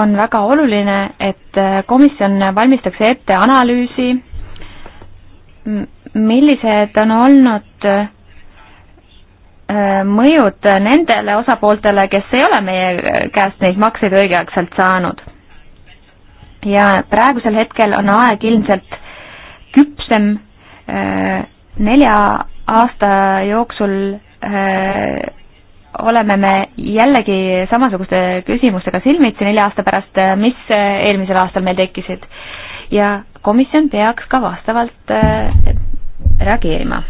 on väga oluline, et komisjon valmistaks ette analüüsi, millised on olnud mõjud nendele osapooltele, kes ei ole meie käest neid makseid õigeaegselt saanud ja praegusel hetkel on aeg ilmselt küpsem äh, nelja aasta jooksul äh, oleme me jällegi samasuguste küsimustega silmitsi nelja aasta pärast, äh, mis eelmisel aastal meil tekkisid. ja komisjon peaks ka vastavalt reageerima.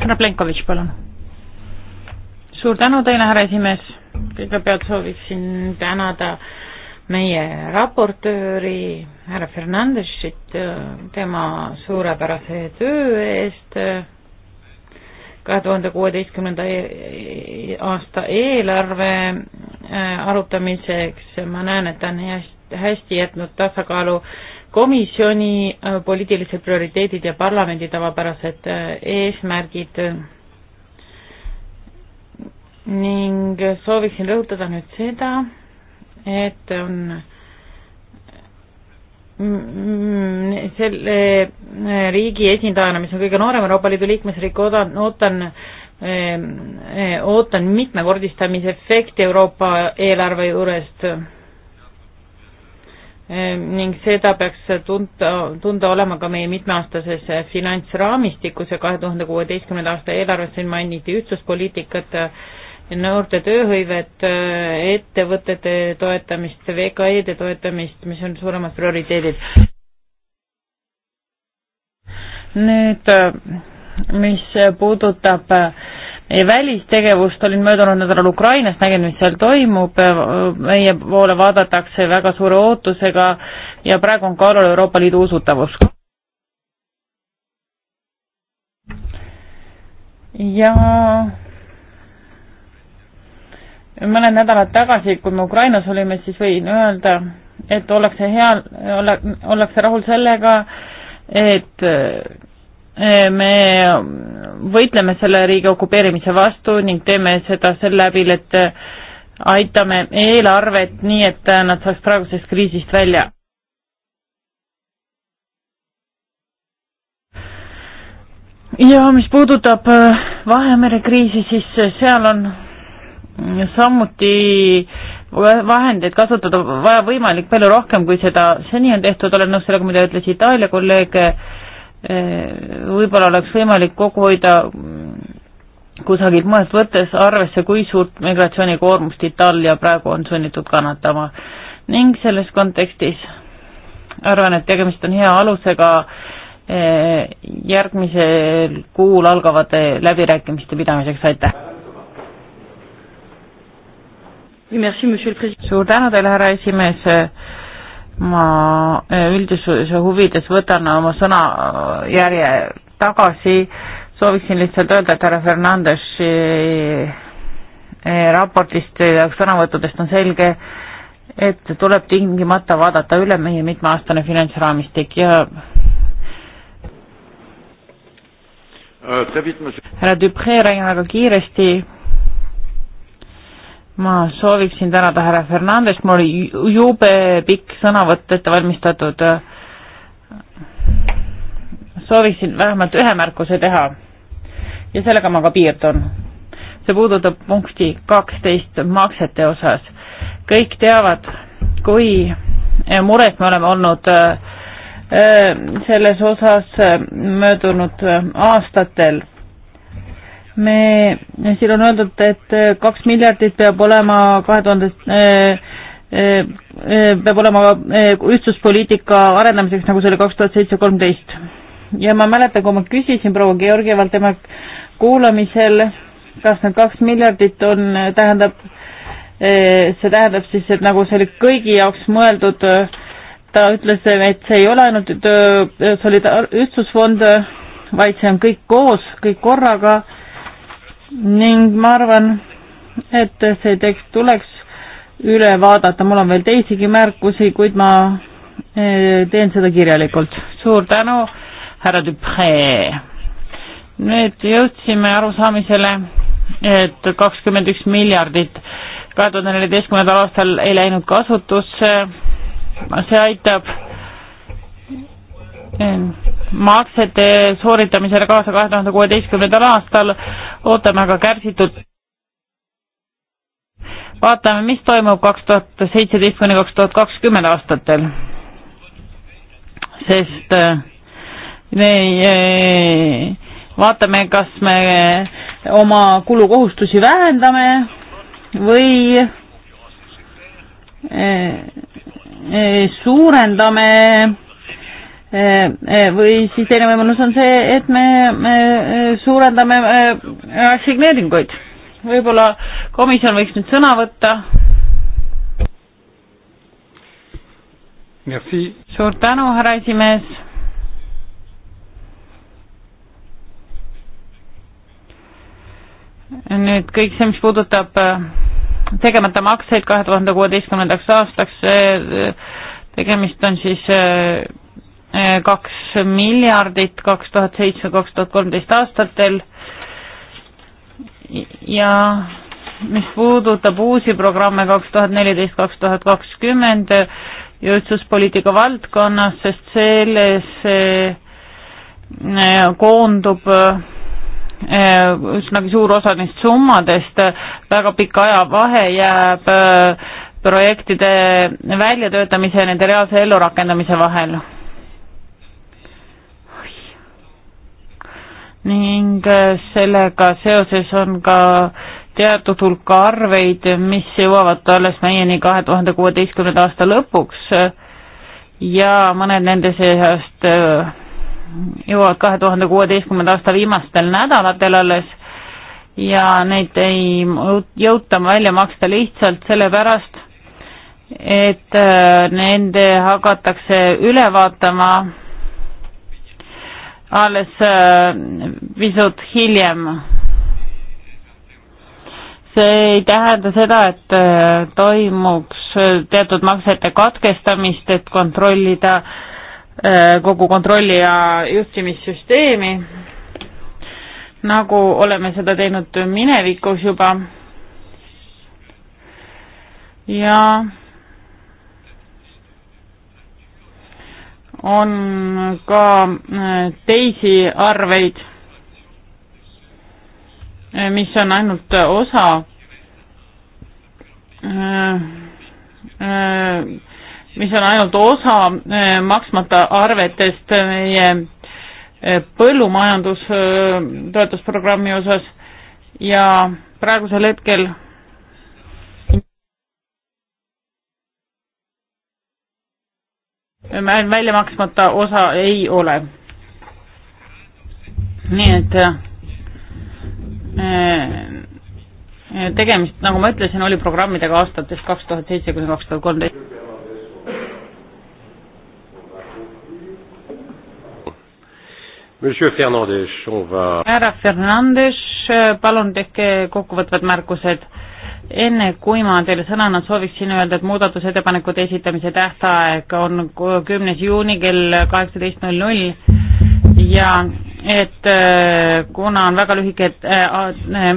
härra Plenkovitš, palun. suur tänu teile, härra esimees. kõigepealt sooviksin tänada äh, meie raportööri härra Fernandesit tema suurepärase töö eest äh, kahe tuhande kuueteistkümnenda e-, e-, aasta eelarve äh, arutamiseks. ma näen, et ta on hästi, hästi jätnud tasakaalu komisjoni äh, poliitilised prioriteedid ja parlamendi tavapärased eesmärgid. ning sooviksin rõhutada nüüd seda, et on mm, mm, selle eh, riigi esindajana, mis on kõige noorem Euroopa Liidu liikmesriik, oodan, ootan, eh, eh, ootan mitmekordistamise efekti Euroopa eelarve juurest ning seda peaks tunta, tunda olema ka meie mitmeaastases finantsraamistikus ja kahe tuhande kuueteistkümnenda aasta eelarves siin mainiti ühtsuspoliitikat, noorte tööhõivet, äh, ettevõtete toetamist, VKE-de toetamist, mis on suuremad prioriteedid. nüüd, äh, mis puudutab äh, välistegevust, olin möödunud nädalal Ukrainas, nägin, mis seal toimub, meie poole vaadatakse väga suure ootusega ja praegu on kaalul Euroopa Liidu usutavus. ja mõned nädalad tagasi, kui me Ukrainas olime, siis võin öelda, et ollakse hea, ollakse rahul sellega, et eh, me võitleme selle riigi okupeerimise vastu ning teeme seda sel läbil, et aitame eelarvet nii, et nad saaks praegusest kriisist välja. ja mis puudutab eh, Vahemere kriisi, siis eh, seal on samuti vahendeid kasutada vaja võimalik palju rohkem, kui seda seni on tehtud, olen nõus sellega, mida ütles Itaalia kolleeg, äh, võib-olla oleks võimalik kokku hoida kusagilt mujalt võttes arvesse, kui suurt migratsioonikoormust Itaalia praegu on sunnitud kannatama. ning selles kontekstis arvan, et tegemist on hea alusega äh, järgmisel kuul algavate läbirääkimiste pidamiseks, aitäh! suur tänu teile, härra esimees. ma eh, üldisuse huvides võtan oma sõnajärje eh, tagasi. sooviksin lihtsalt öelda, et härra Fernandesi eh, raportist ja sõnavõttudest on selge, et tuleb tingimata vaadata üle meie mitmeaastane finantsraamistik ja euh, härra Dupree, räägin väga kiiresti ma sooviksin tänada härra Fernandest, mul oli jube pikk sõnavõtt ette valmistatud. sooviksin vähemalt ühe märkuse teha ja sellega ma ka piirdun. see puudutab punkti kaksteist maksete osas. kõik teavad, kui eh, mures me oleme olnud eh, eh, selles osas möödunud aastatel me, siin on öeldud, et äh, kaks miljardit peab olema kahe tuhande äh, äh, peab olema ühtsuspoliitika arendamiseks, nagu see oli kaks tuhat seitse, kolmteist. ja ma mäletan, kui ma küsisin proua Georgievalt tema kuulamisel, kas need kaks miljardit on, tähendab, see tähendab siis, et nagu see oli kõigi jaoks mõeldud, ta ütles, et see ei ole ainult solidaar-, ühtsusfond, vaid see on kõik koos, kõik korraga ning ma arvan, et see tekst tuleks üle vaadata, mul on veel teisigi märkusi, kuid ma eh, teen seda kirjalikult. suur tänu, härra Dupree. nüüd jõudsime arusaamisele, et kakskümmend üks miljardit kahe tuhande neljateistkümnendal aastal ei läinud kasutusse, see aitab eh, maksete sooritamisele kaasa kahe tuhande kuueteistkümnendal aastal, ootame aga kärsitult. vaatame, mis toimub kaks tuhat seitseteist kuni kaks tuhat kakskümmend aastatel, sest äh, me äh, vaatame, kas me äh, oma kulukohustusi vähendame või suurendame Äh, äh, või siis teine võimalus on see, et me, me äh, suurendame assigneeringuid. võib-olla komisjon võiks nüüd sõna võtta. suur tänu, härra esimees. nüüd kõik see, mis puudutab tegemata makseid kahe tuhande kuueteistkümnendaks aastaks, tegemist on siis Eh, kaks miljardit kaks tuhat seitse, kaks tuhat kolmteist aastatel ja mis puudutab uusi programme kaks tuhat neliteist, kaks tuhat kakskümmend ja ühtsuspoliitika valdkonnas, sest selles eh, koondub eh, üsnagi suur osa neist summadest, väga pikk ajavahe jääb projektide väljatöötamise ja nende reaalse ellurakendamise vahel ning äh, sellega seoses on ka teatud hulk arveid, mis jõuavad alles meieni kahe tuhande kuueteistkümnenda aasta lõpuks ja mõned nende seast äh, jõuavad kahe tuhande kuueteistkümnenda aasta viimastel nädalatel alles ja neid ei jõuta välja maksta lihtsalt sellepärast, et äh, nende hakatakse üle vaatama alles äh, pisut hiljem. see ei tähenda seda, et äh, toimuks äh, teatud maksete katkestamist, et kontrollida kogu kontrolli ja juhtimissüsteemi, nagu oleme seda teinud minevikus juba ja on ka äh, teisi arveid, äh, mis on ainult osa äh, mis on ainult osa maksmata arvetest meie põllumajandus toetusprogrammi osas ja praegusel hetkel välja maksmata osa ei ole. nii et äh, äh, tegemist, nagu ma ütlesin, oli programmidega aastatest kaks tuhat seitse kuni kaks tuhat kolmteist. Monsieur Fernandes, on va härra Fernandes, palun tehke kokkuvõtvad märkused enne kui ma teile sõna annan, sooviksin öelda, et muudatusettepanekute esitamise tähtaeg on kümnes juuni kell kaheksateist null null ja et äh, kuna on väga lühike äh, äh,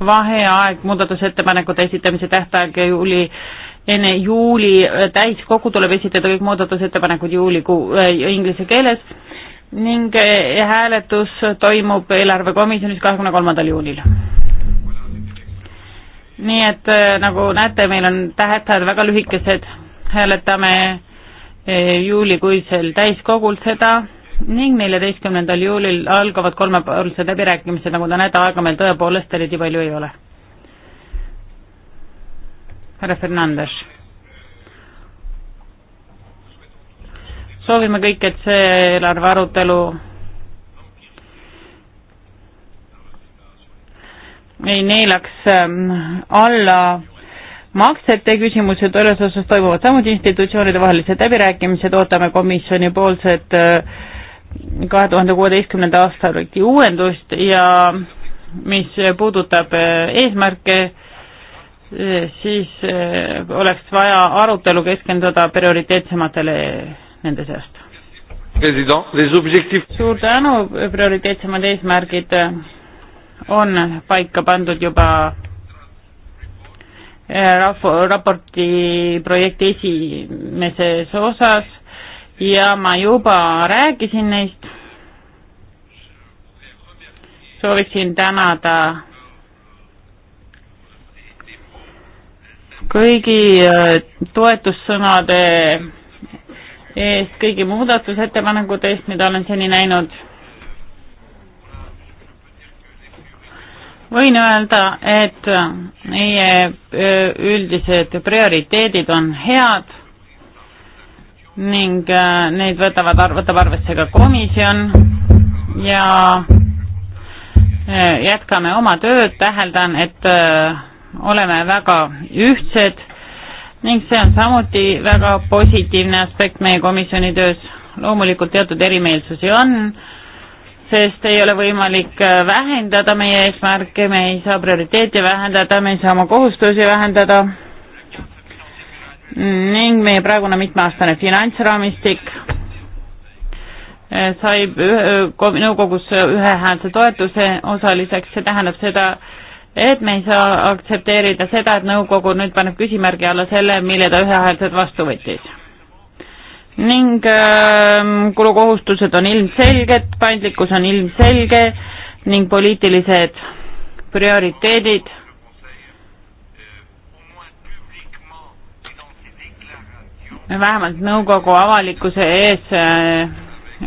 vaheaeg muudatusettepanekute esitamise tähtaeg juuli enne juuli täiskogu tuleb esitada kõik muudatusettepanekud juulikuu äh, inglise keeles ning hääletus toimub eelarvekomisjonis kahekümne kolmandal juunil nii et äh, nagu näete, meil on tähetajad väga lühikesed, hääletame äh, juulikuisel täiskogul seda ning neljateistkümnendal juulil algavad kolmepoolsed läbirääkimised, nagu te näete, aega meil tõepoolest eriti palju ei ole. härra Fernandes. soovime kõik, et see eelarve arutelu ei neelaks ähm, alla maksete küsimused selles osas toimuvad samuti institutsioonide vahelised läbirääkimised, ootame komisjoni poolset äh, kahe tuhande kuueteistkümnenda aasta uuendust ja mis puudutab äh, eesmärke, äh, siis oleks vaja arutelu keskenduda prioriteetsematele nende seast. suur tänu, prioriteetsemad eesmärgid on paika pandud juba äh, rahva, raporti projekti esimeses osas ja ma juba rääkisin neist. sooviksin tänada kõigi äh, toetussõnade eest, kõigi muudatusettepanekute eest, mida olen seni näinud võin öelda, et meie üldised prioriteedid on head ning neid võtavad, võtab arvesse ka komisjon ja jätkame oma tööd, täheldan, et oleme väga ühtsed ning see on samuti väga positiivne aspekt meie komisjoni töös. loomulikult teatud erimeelsusi on sest ei ole võimalik äh, vähendada meie eesmärke, me ei saa prioriteete vähendada, me ei saa oma kohustusi vähendada ning meie praegune mitmeaastane finantsraamistik äh, sai äh, nõukogus ühehäälse toetuse osaliseks, see tähendab seda, et me ei saa aktsepteerida seda, et nõukogu nüüd paneb küsimärgi alla selle, mille ta ühehäälselt vastu võttis ning ähm, kulukohustused on ilmselged, paindlikkus on ilmselge ning poliitilised prioriteedid vähemalt nõukogu avalikkuse ees äh,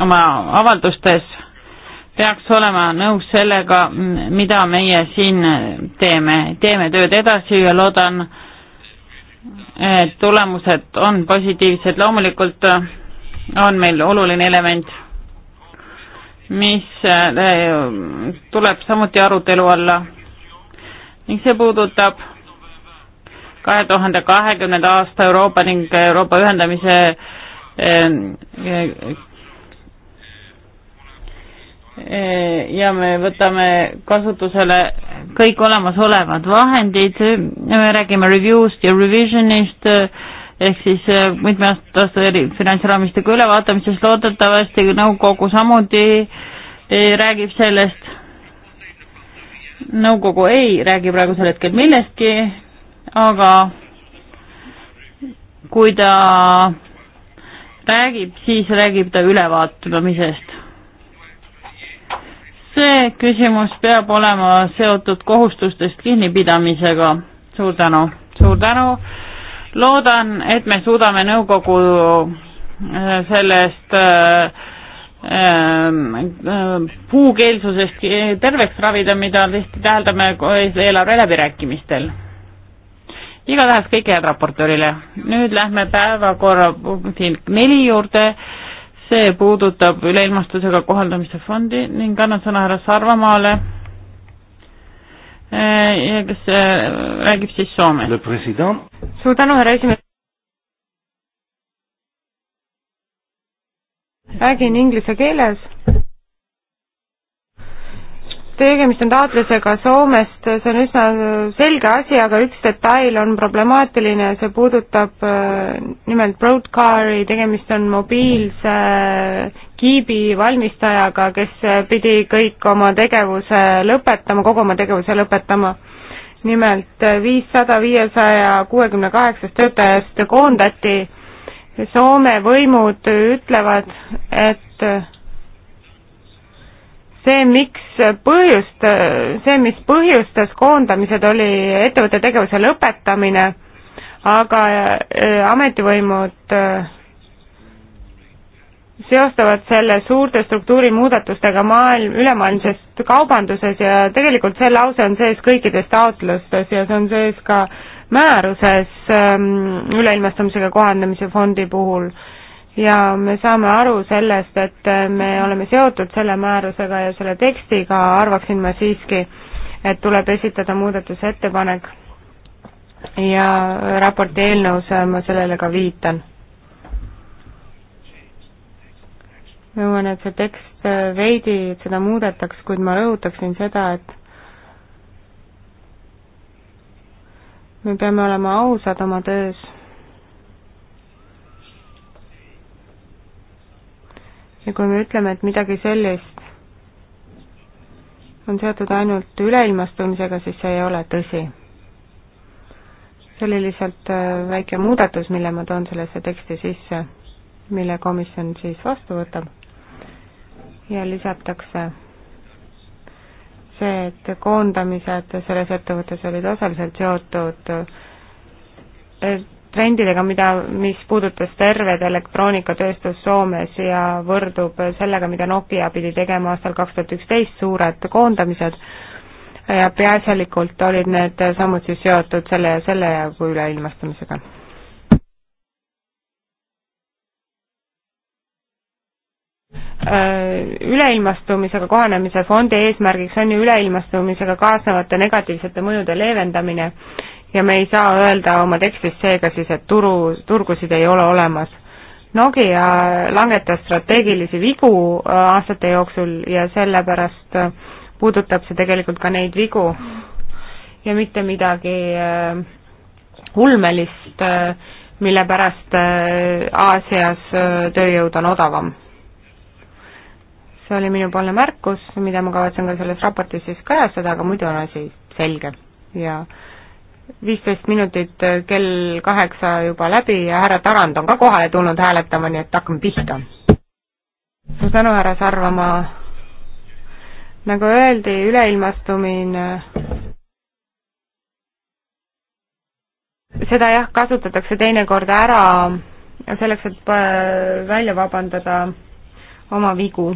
oma avaldustes peaks olema nõus sellega, mida meie siin teeme, teeme tööd edasi ja loodan äh, tulemused on positiivsed, loomulikult äh, on meil oluline element, mis äh, tuleb samuti arutelu alla ning see puudutab kahe tuhande kahekümnenda aasta Euroopa ning Euroopa ühendamise äh, ja me võtame kasutusele kõik olemasolevad vahendid, me räägime review'st ja revisionist, äh, ehk siis äh, mitmeaastase finantsraamistiku ülevaatamisest loodetavasti nõukogu samuti äh, räägib sellest. nõukogu ei räägi praegusel hetkel millestki, aga kui ta räägib, siis räägib ta ülevaatamisest see küsimus peab olema seotud kohustustest kinnipidamisega. suur tänu, suur tänu. loodan, et me suudame nõukogu äh, sellest äh, äh, puukeelsusest terveks ravida, mida tihti täheldame eelarve läbirääkimistel. igatahes kõike head raportöörile. nüüd lähme päevakorrapunkti neli juurde see puudutab üleilmastusega kohaldamise fondi ning annan sõna härra Sarvamaale, eh, kes eh, räägib siis Soomest. suur tänu, härra esimees. räägin inglise keeles tegemist on taotlusega Soomest, see on üsna selge asi, aga üks detail on problemaatiline, see puudutab äh, nimelt Broadcari, tegemist on mobiilse kiibi valmistajaga, kes pidi kõik oma tegevuse lõpetama, kogu oma tegevuse lõpetama nimelt viissada viiesaja kuuekümne kaheksast töötajast koondati. Soome võimud ütlevad, et see, miks põhjust, see, mis põhjustas koondamised, oli ettevõtte tegevuse lõpetamine, aga äh, ametivõimud äh, seostavad selle suurte struktuurimuudatustega maailm, ülemaailmses kaubanduses ja tegelikult see lause on sees kõikides taotlustes ja see on sees ka määruses ähm, üleilmastamisega kohandamise fondi puhul ja me saame aru sellest, et äh, me oleme seotud selle määrusega ja selle tekstiga, arvaksin ma siiski, et tuleb esitada muudatusettepanek ja raporti eelnõus äh, ma sellele ka viitan. nõuan, et see tekst äh, veidi, et seda muudetaks, kuid ma rõhutaksin seda, et me peame olema ausad oma töös ja kui me ütleme, et midagi sellist on seotud ainult üleilmastumisega, siis see ei ole tõsi. see oli lihtsalt äh, väike muudatus, mille ma toon sellesse teksti sisse, mille komisjon siis vastu võtab ja lisatakse see, et koondamised selles ettevõttes olid osaliselt seotud et äh, trendidega, mida, mis puudutas terved elektroonikatööstus Soomes ja võrdub sellega, mida Nokia pidi tegema aastal kaks tuhat üksteist, suured koondamised, ja peaasjalikult olid need samuti seotud selle ja selle jagu üleilmastumisega. Äh, üleilmastumisega kohanemise fondi eesmärgiks on ju üleilmastumisega kaasnevate negatiivsete mõjude leevendamine ja me ei saa öelda oma tekstis seega siis, et turu, turgusid ei ole olemas. Nokia langetas strateegilisi vigu äh, aastate jooksul ja sellepärast äh, puudutab see tegelikult ka neid vigu ja mitte midagi äh, ulmelist, mille pärast Aasias tööjõud on odavam. see oli minupoolne märkus, mida ma kavatsen ka selles raportis siis kajastada, aga muidu on asi selge ja äh, viisteist minutit äh, kell kaheksa juba läbi ja härra Tarand on ka kohale tulnud hääletama, nii et hakkame pihta. suur tänu, härra Sarvamaa. nagu öeldi, üleilmastumine seda jah, kasutatakse teinekord ära selleks, et välja vabandada oma vigu.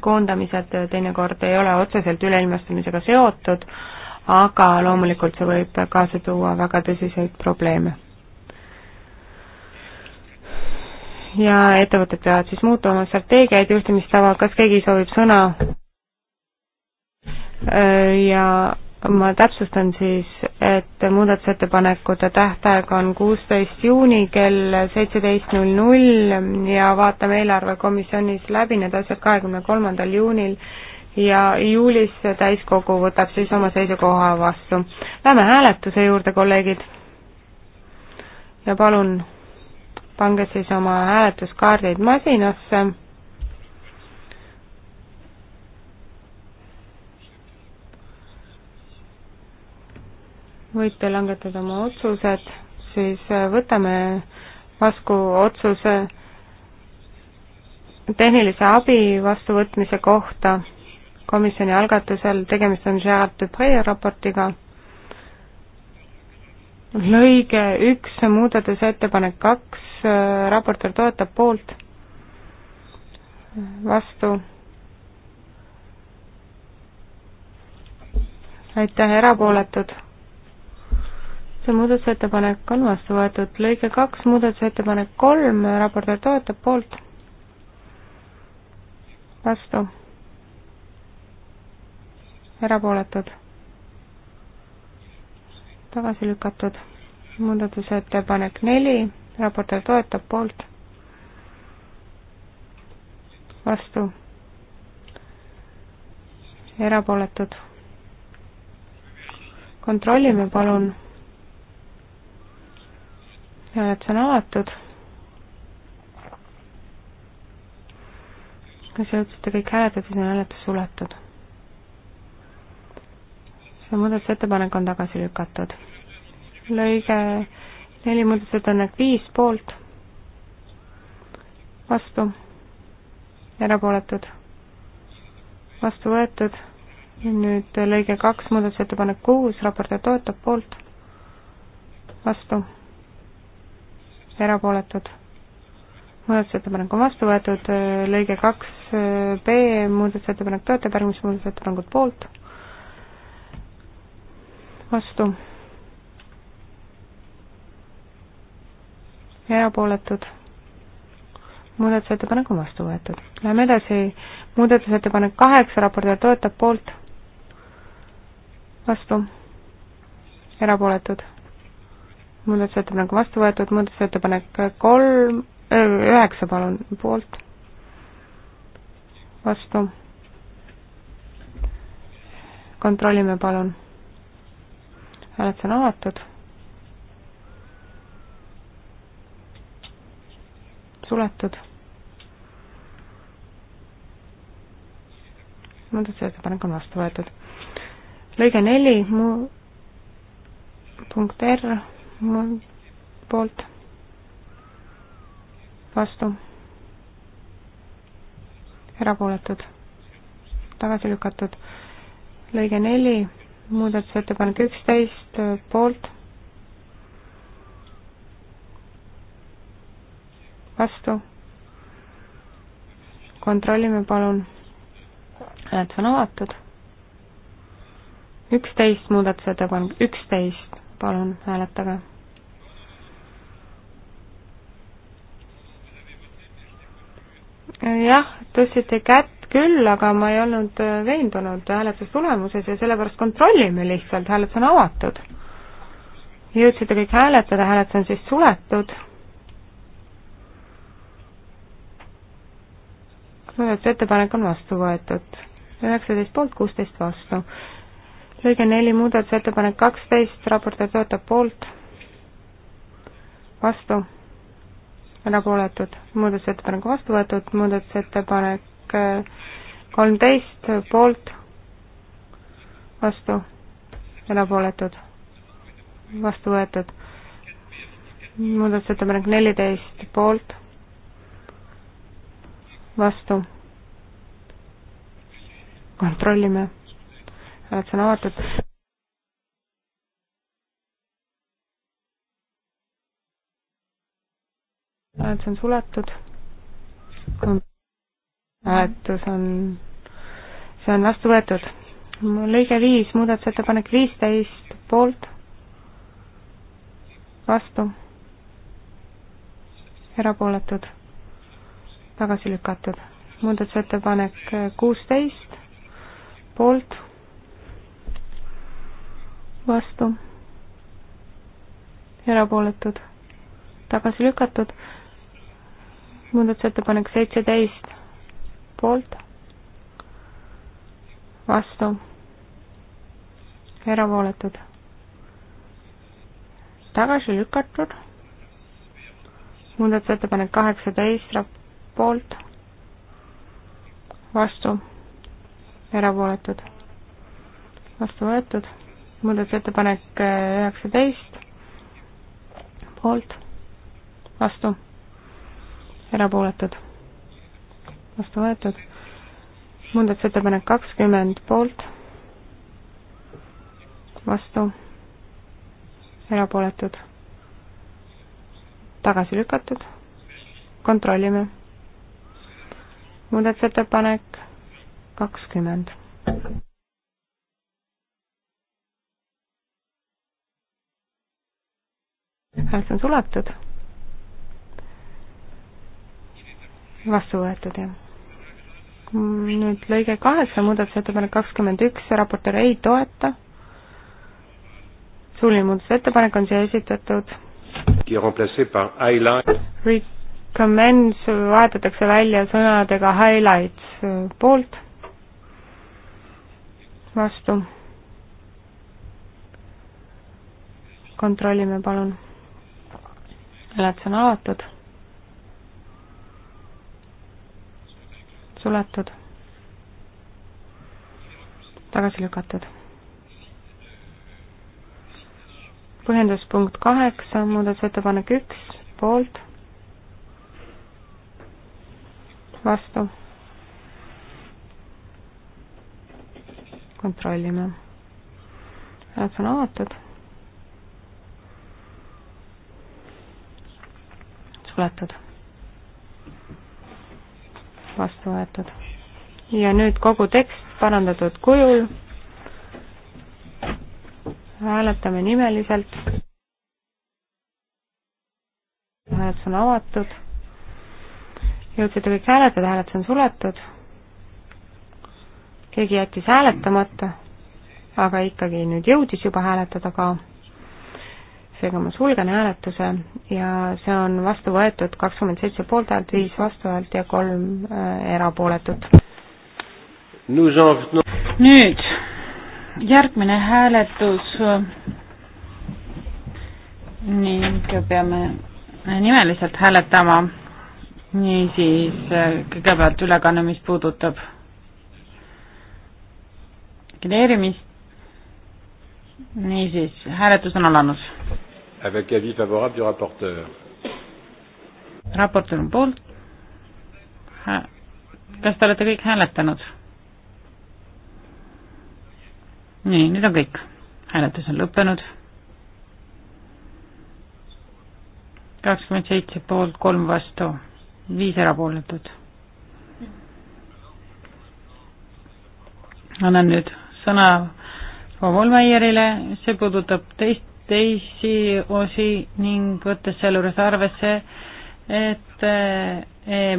koondamised teinekord ei ole otseselt üleilmastumisega seotud aga loomulikult see võib kaasa tuua väga tõsiseid probleeme. ja ettevõtted peavad siis muutma oma strateegiaid, juhtimistava, kas keegi soovib sõna? Äh, ja ma täpsustan siis, et muudatusettepanekute tähtaeg on kuusteist juuni kell seitseteist null null ja vaatame eelarvekomisjonis läbi need asjad kahekümne kolmandal juunil ja juulis täiskogu võtab siis oma seisukoha vastu. Lähme hääletuse juurde, kolleegid. ja palun pange siis oma hääletuskaardid masinasse. võite langetada oma otsused, siis äh, võtame vastu otsuse tehnilise abi vastuvõtmise kohta komisjoni algatusel, tegemist on Gerard Dupre raportiga. lõige üks, muudatusettepanek kaks, raportöör toetab poolt, vastu. aitäh, erapooletud. see muudatusettepanek on vastu võetud, lõige kaks, muudatusettepanek kolm, raportöör toetab poolt, vastu erapooletud, tagasi lükatud. muudatusettepanek neli, raportöör toetab poolt, vastu, erapooletud. kontrollime palun. hääletus on avatud kas jõudsite kõik hääletada, siis on hääletus suletud ja muudatusettepanek on tagasi lükatud. lõige neli muudatusettepanek viis poolt, vastu, erapooletud, vastu võetud, nüüd lõige kaks muudatusettepanek kuus, raportöör toetab poolt, vastu, erapooletud muudatusettepanek on vastu võetud, lõige kaks B muudatusettepanek toetab järgmist muudatusettepanekut poolt vastu, erapooletud, muudatusettepanek on vastu võetud. Läheme edasi, muudatusettepanek kaheksa, raportöör toetab poolt, vastu, erapooletud, muudatusettepanek on vastu võetud, muudatusettepanek kolm, äh, üheksa palun, poolt, vastu. kontrollime palun hääletus on avatud. suletud. muudatusettepanek on vastu võetud. lõige neli, mu punkt R mu poolt vastu, erapooletud, tagasi lükatud. lõige neli muudatusettepanek üksteist poolt, vastu. kontrollime palun, hääletus on avatud. üksteist muudatusettepanek, üksteist, palun hääletage jah, tõstsite kätt, küll, aga ma ei olnud äh, veendunud hääletustulemuses ja sellepärast kontrollime lihtsalt, hääletus on avatud. jõudsite kõik hääletada, hääletus on siis suletud. muudatusettepanek on vastu võetud, üheksateist poolt, kuusteist vastu. lõige neli, muudatusettepanek kaksteist, raportöör töötab poolt, vastu erapooletud, muudatusettepanek vastu võetud, muudatusettepanek kolmteist poolt, vastu, erapooletud, vastu võetud. muudatusettepanek neliteist poolt, vastu. kontrollime, oled sa avatud? oled sa suletud? hääletus on, see on vastu võetud. lõige viis, muudatusettepanek viisteist, poolt, vastu, erapooletud, tagasi lükatud. muudatusettepanek kuusteist, poolt, vastu, erapooletud, tagasi lükatud. muudatusettepanek seitseteist poolt, vastu, erapooletud, tagasi lükatud, muudatusettepanek kaheksateist poolt, vastu, erapooletud, vastu võetud, muudatusettepanek äh, üheksateist poolt, vastu, erapooletud vastu võetud. muudatusettepanek kakskümmend poolt, vastu, erapooletud, tagasi lükatud, kontrollime. muudatusettepanek kakskümmend. häält on suletud vastu võetud, jah nüüd lõige kaheksa, muudatusettepanek kakskümmend üks, raportöör ei toeta. suuline muudatusettepanek on siia esitatud. Recommends vahetatakse välja sõnadega highlights poolt, vastu. kontrollime palun. hääletus on avatud suletud, tagasi lükatud. põhjenduspunkt kaheksa, muudatusettepanek üks, poolt, vastu. kontrollime. hääled on avatud. suletud vastu võetud. ja nüüd kogu tekst parandatud kujul. hääletame nimeliselt. hääletus on avatud. jõudsite kõik hääletada, hääletus on suletud. keegi jättis hääletamata, aga ikkagi nüüd jõudis juba hääletada ka hääletusega ma sulgen hääletuse ja see on vastu võetud kakskümmend seitse poolthäält, viis vastuhäält ja kolm äh, erapooletut. nüüd järgmine hääletus ning peame nimeliselt hääletama, niisiis kõigepealt ülekanne, mis puudutab geneerimist niisiis, hääletus on alanud avec avis favorable du rapporteur. raportöör on poolt. kas te olete kõik hääletanud? nii, nüüd on kõik. hääletus on lõppenud. kakskümmend seitse poolt, kolm vastu, viis erapooletut. annan nüüd sõna Paul Meierile, see puudutab teist teisi osi ning võttes sealjuures arvesse, et eh,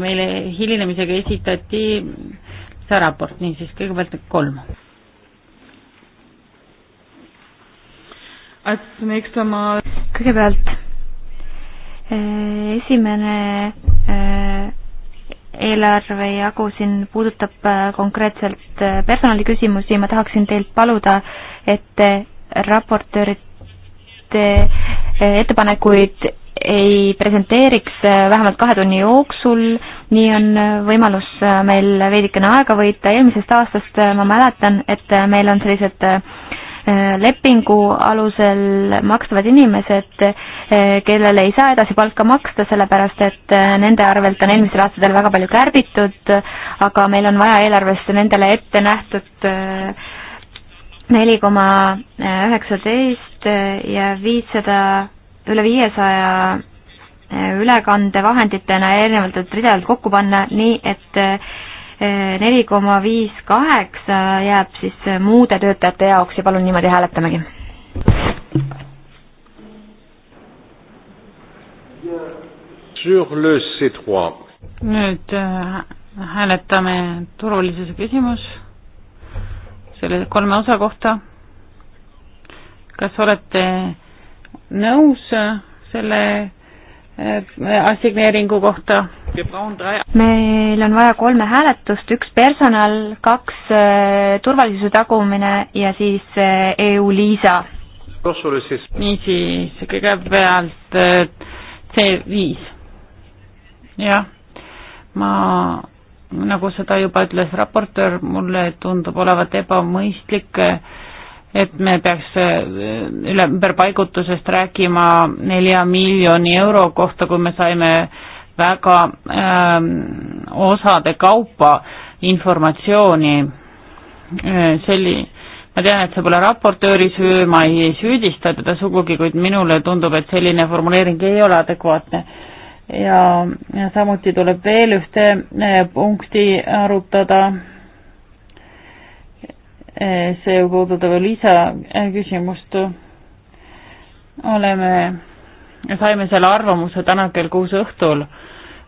meile hilinemisega esitati see raport, niisiis kõigepealt kolm. kõigepealt eh, esimene eh, eelarve jagu siin puudutab konkreetselt personaliküsimusi, ma tahaksin teilt paluda, et raportöörid te eh, ettepanekuid ei presenteeriks eh, vähemalt kahe tunni jooksul, nii on eh, võimalus meil veidikene aega võita, eelmisest aastast ma mäletan, et meil on sellised lepingu alusel makstavad inimesed, kellele ei saa edasi palka maksta, sellepärast et nende arvelt on eelmistel aastatel väga palju kärbitud, aga meil on vaja eelarvesse nendele ette nähtud äh, neli koma üheksateist ja viissada, üle viiesaja äh, ülekandevahenditena erinevatelt ridadelt kokku panna, nii et äh, neli koma viis kaheksa jääb siis muude töötajate jaoks ja palun niimoodi hääletamegi. nüüd äh, hääletame turvalisuse küsimus selle kolme osa kohta. kas olete nõus selle eh, assigneeringu kohta? meil on vaja kolme hääletust, üks personal, kaks eh, turvalisuse tagumine ja siis EU-Liisa. Eh, e niisiis, kõigepealt C5. jah, ma nagu seda juba ütles raportöör, mulle tundub olevat ebamõistlik, et me peaks üle, eh, ümberpaigutusest rääkima nelja miljoni euro kohta, kui me saime väga äh, osade kaupa informatsiooni äh, selli-, ma tean, et see pole raportööri süü, ma ei süüdista teda sugugi, kuid minule tundub, et selline formuleering ei ole adekvaatne ja, ja samuti tuleb veel ühte eh, punkti arutada. Eh, see puudutab lisaküsimust. Eh, oleme, saime selle arvamuse täna kell kuus õhtul.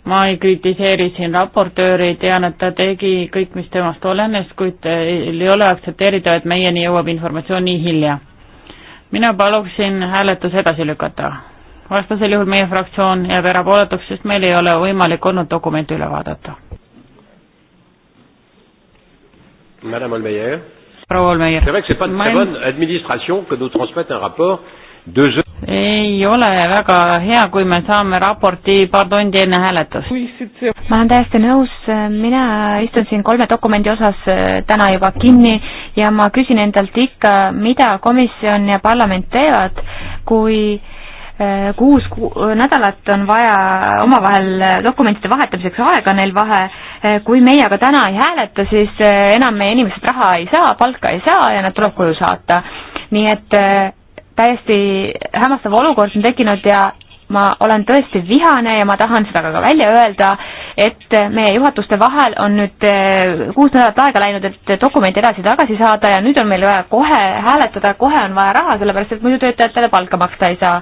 ma ei kritiseeri siin raportööri, tean, et ta tegi kõik, mis temast olenes, kuid ei ole aktsepteeritav, et meieni jõuab informatsioon nii hilja mina paluksin hääletus edasi lükata vastasel juhul meie fraktsioon jääb erapooletuks, sest meil ei ole võimalik olnud dokumente üle vaadata. Madame Olmeier. proua Olmeier. ei ole väga hea, kui me saame raporti paar tundi enne hääletust. ma olen täiesti nõus, mina istun siin kolme dokumendi osas äh, täna juba kinni ja ma küsin endalt ikka, mida komisjon ja parlament teevad, kui äh, Äh, kuus ku nädalat on vaja omavahel äh, dokumentide vahetamiseks aega neil vahe, äh, kui meie aga täna ei hääleta, siis enam meie inimesed raha ei saa, palka ei saa ja nad tuleb koju saata. nii et täiesti hämmastav olukord on tekkinud ja ma olen tõesti vihane ja ma tahan seda ka välja öelda, et meie juhatuste vahel on nüüd kuus nädalat aega läinud, et dokument edasi-tagasi saada ja nüüd on meil vaja kohe hääletada, kohe on vaja raha, sellepärast et muidu töötajatele palka maksta ei saa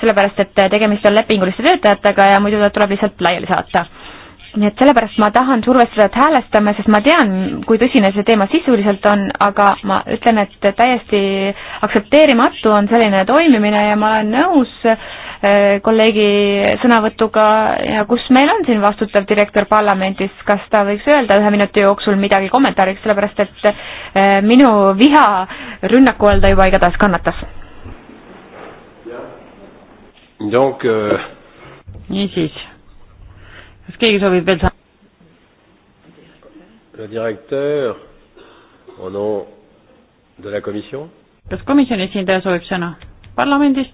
sellepärast et tegemist on lepinguliste töötajatega ja muidu ta tuleb lihtsalt laiali saata. nii et sellepärast ma tahan survestada, et häälestame, sest ma tean, kui tõsine see teema sisuliselt on, aga ma ütlen, et täiesti aktsepteerimatu on selline toimimine ja ma olen nõus eh, kolleegi sõnavõtuga ja kus meil on siin vastutav direktor parlamendis, kas ta võiks öelda ühe minuti jooksul midagi kommentaariks, sellepärast et eh, minu viha rünnaku all ta juba igatahes kannatas Donc euh.... niisiis, kas keegi soovib veel saada? Le directeur, au nom de la commission. kas komisjoni esindaja soovib sõna parlamendist?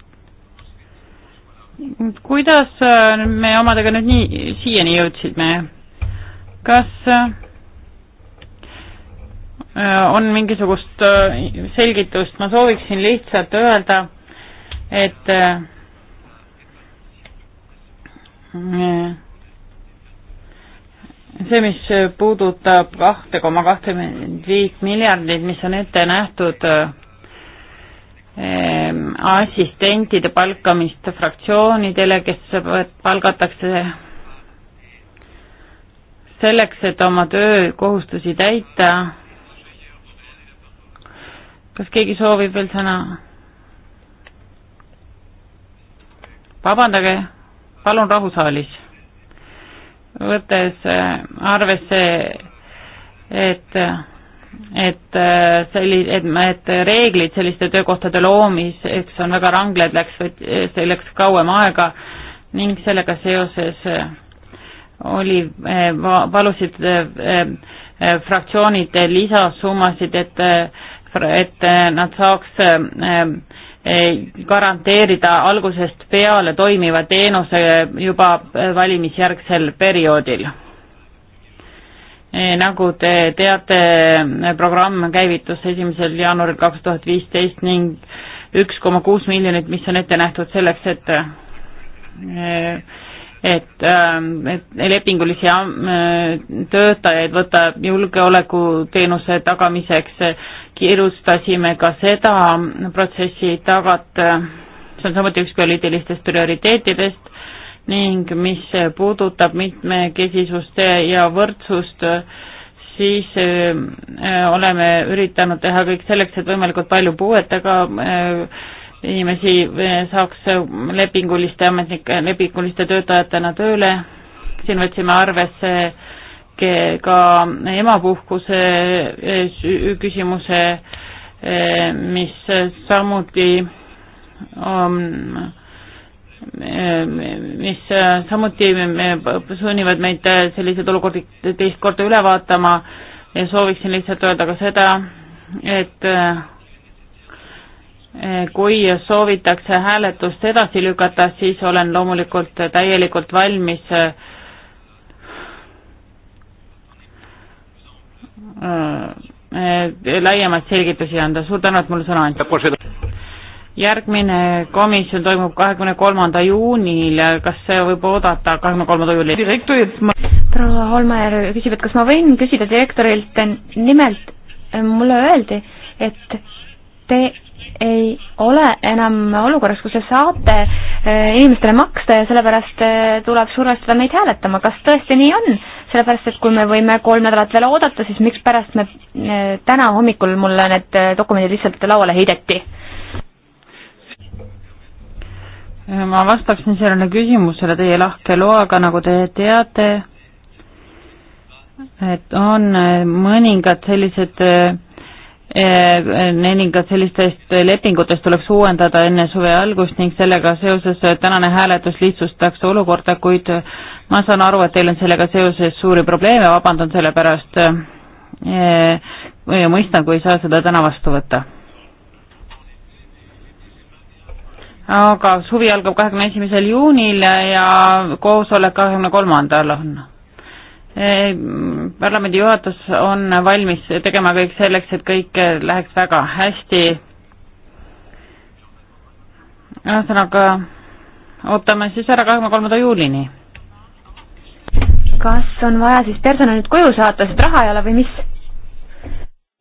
kuidas äh, me omadega nüüd nii siiani jõudsime? kas äh, on mingisugust äh, selgitust, ma sooviksin lihtsalt öelda, et äh, see, mis puudutab kahte koma kahtekümmend viit miljardit, mis on ette nähtud ehm, assistentide palkamist fraktsioonidele, kes palgatakse selleks, et oma töökohustusi täita. kas keegi soovib veel sõna? vabandage palun rahu saalis. võttes äh, arvesse, et, et äh, selli-, et, et reeglid selliste töökohtade loomiseks on väga ranged, läks, see läks kauem aega ning sellega seoses äh, oli, palusid fraktsioonid lisasummasid, et, et nad saaks garanteerida algusest peale toimiva teenuse juba valimisjärgsel perioodil. nagu te teate, programm käivitus esimesel jaanuaril kaks tuhat viisteist ning üks koma kuus miljonit, mis on ette nähtud selleks, et et, et lepingulisi töötajaid võtta julgeolekuteenuse tagamiseks kiirustasime ka seda protsessi tagat, see on samuti üks poliitilistest prioriteetidest ning mis puudutab mitmekesisust ja võrdsust, siis oleme üritanud teha kõik selleks, et võimalikult palju puuetega inimesi saaks lepinguliste ametnike, lepinguliste töötajatena tööle, siin võtsime arvesse ka emapuhkuse eh, küsimuse, eh, mis samuti on eh, mis samuti sunnivad meid selliseid olukordi teist korda üle vaatama ja sooviksin lihtsalt öelda ka seda, et kui soovitakse hääletust edasi lükata, siis olen loomulikult täielikult valmis äh, Äh, äh, laiemaid selgitusi anda, suur tänu, et mulle sõna andsite. järgmine komisjon toimub kahekümne kolmanda juunil, kas see võib oodata kahekümne kolmanda juuli? proua Holmajärv küsib, et kas ma võin küsida direktorilt, nimelt äh, mulle öeldi, et te ei ole enam olukorras, kus te saate inimestele maksta ja sellepärast tuleb survestada meid hääletama, kas tõesti nii on? sellepärast et kui me võime kolm nädalat veel oodata, siis mikspärast me eh, täna hommikul mulle need eh, dokumendid lihtsalt lauale heideti? ma vastaksin sellele küsimusele teie lahke loaga, nagu te teate, et on eh, mõningad sellised mõningad sellistest lepingutest tuleks uuendada enne suve algust ning sellega seoses tänane hääletus lihtsustaks olukorda, kuid ma saan aru, et teil on sellega seoses suuri probleeme, vabandan selle pärast ja eh, eh, mõistan, kui ei saa seda täna vastu võtta. aga suvi algab kahekümne esimesel juunil ja koosolek kahekümne kolmandal on. Eh, parlamendi juhatus on valmis tegema kõik selleks, et kõik läheks väga hästi. ühesõnaga ootame siis ära kahekümne kolmanda juulini kas on vaja siis personal nüüd koju saata, sest raha ei ole või mis?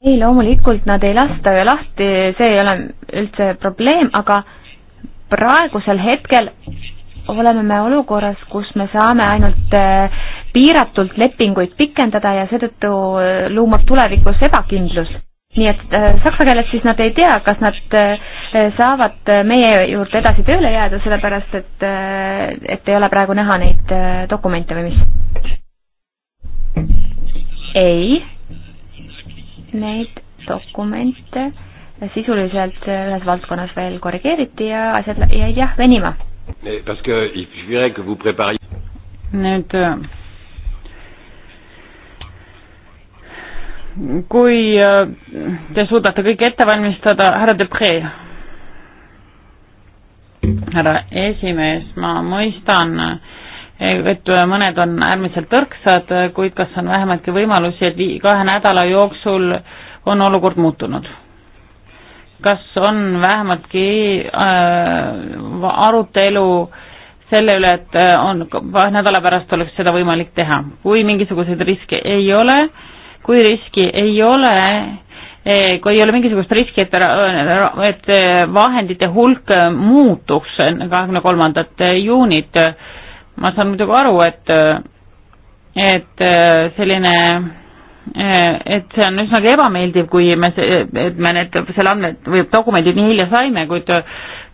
ei, loomulikult nad ei lasta ju lahti, see ei ole üldse probleem, aga praegusel hetkel oleme me olukorras, kus me saame ainult äh, piiratult lepinguid pikendada ja seetõttu äh, luumab tulevikus ebakindlus nii et äh, saksa keeles siis nad ei tea, kas nad äh, saavad äh, meie juurde edasi tööle jääda, sellepärast et äh,, et ei ole praegu näha neid äh, dokumente või mis? ei, neid dokumente sisuliselt äh, ühes valdkonnas veel korrigeeriti ja asjad jäid jah venima. nüüd äh, kui äh, te suudate kõik ette valmistada, härra Depree. härra esimees, ma mõistan, et mõned on äärmiselt tõrksad, kuid kas on vähemaltki võimalusi, et kahe nädala jooksul on olukord muutunud? kas on vähemaltki äh, arutelu selle üle, et äh, on, nädala pärast oleks seda võimalik teha? kui mingisuguseid riske ei ole äh,, kui riski ei ole, eh, kui ei ole mingisugust riski, et, et eh, vahendite hulk eh, muutuks enne kahekümne kolmandat juunit. ma saan muidugi aru, et, et selline et see on üsnagi ebameeldiv, kui me, et me need, selle andmed või dokumendid nii hilja saime, kuid